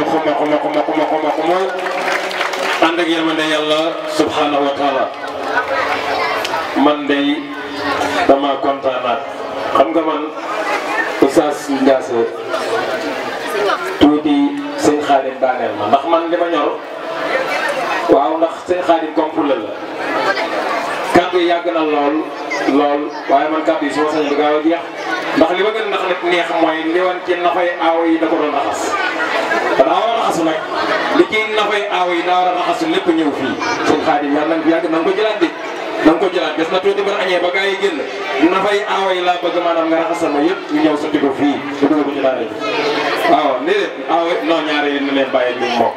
[SPEAKER 3] yu xuma xuma xuma xuma xuma xuma ànd ak yërmande yàlla subhanahu wa taala man day dama kontaanaat xam nga man Oustaz Ndiasse tuuti sëñ Xaadim daaneel ma ndax man li ñor waaw ndax sëñ Xaadim compulé la kàddu yi na lool lool waaye man gaaw jeex ndax gën ndax neex ci aaw yi da ko raxas te daa war a raxasu nag li kii na fay aaw yi daa war a raxasu lépp ñëw fii suñ xaadim yàlla nang fi yàgg nanga ko jëlaat de nanga ko jëlaat des na tuuti ba añee ba gaa yi génn na fay aaw yi laa bëgg maanaam nga raxasal ma yëpp ñu ñëw sotti ko fii su dugal ko ci daara ji waaw ni de aaw non ñaare yi ñu leen bàyyi ñu moom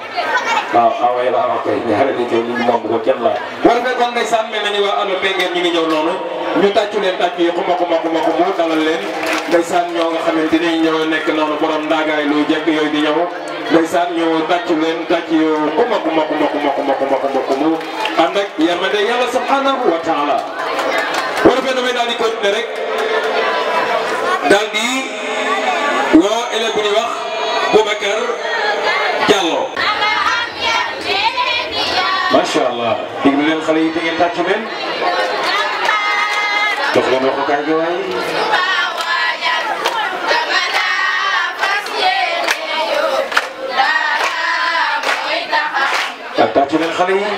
[SPEAKER 3] waaw aaw yi laa wax koy ñaare yi koy ñu moom bu ko kenn laa war fekkoon ngay sàmme nañu waa allo pengeer ñu ngi ñëw noonu ñu tàccu leen tàcc yi xuma xuma xuma xuma dalal leen ndeysaan ñoo nga xamante ni ñoo nekk noonu borom ndaagaay lu jekk yooyu di ñëw ndeysaan ñu tàccu leen tàcc yu ku ma ku ma ku ma ku ma ku ma ma ku ma ku ma bu rafet damay daal di continuer rek daal di woo élève bu ñuy wax Boubacar Diallo. macha allah déglu leen ci leen xale yi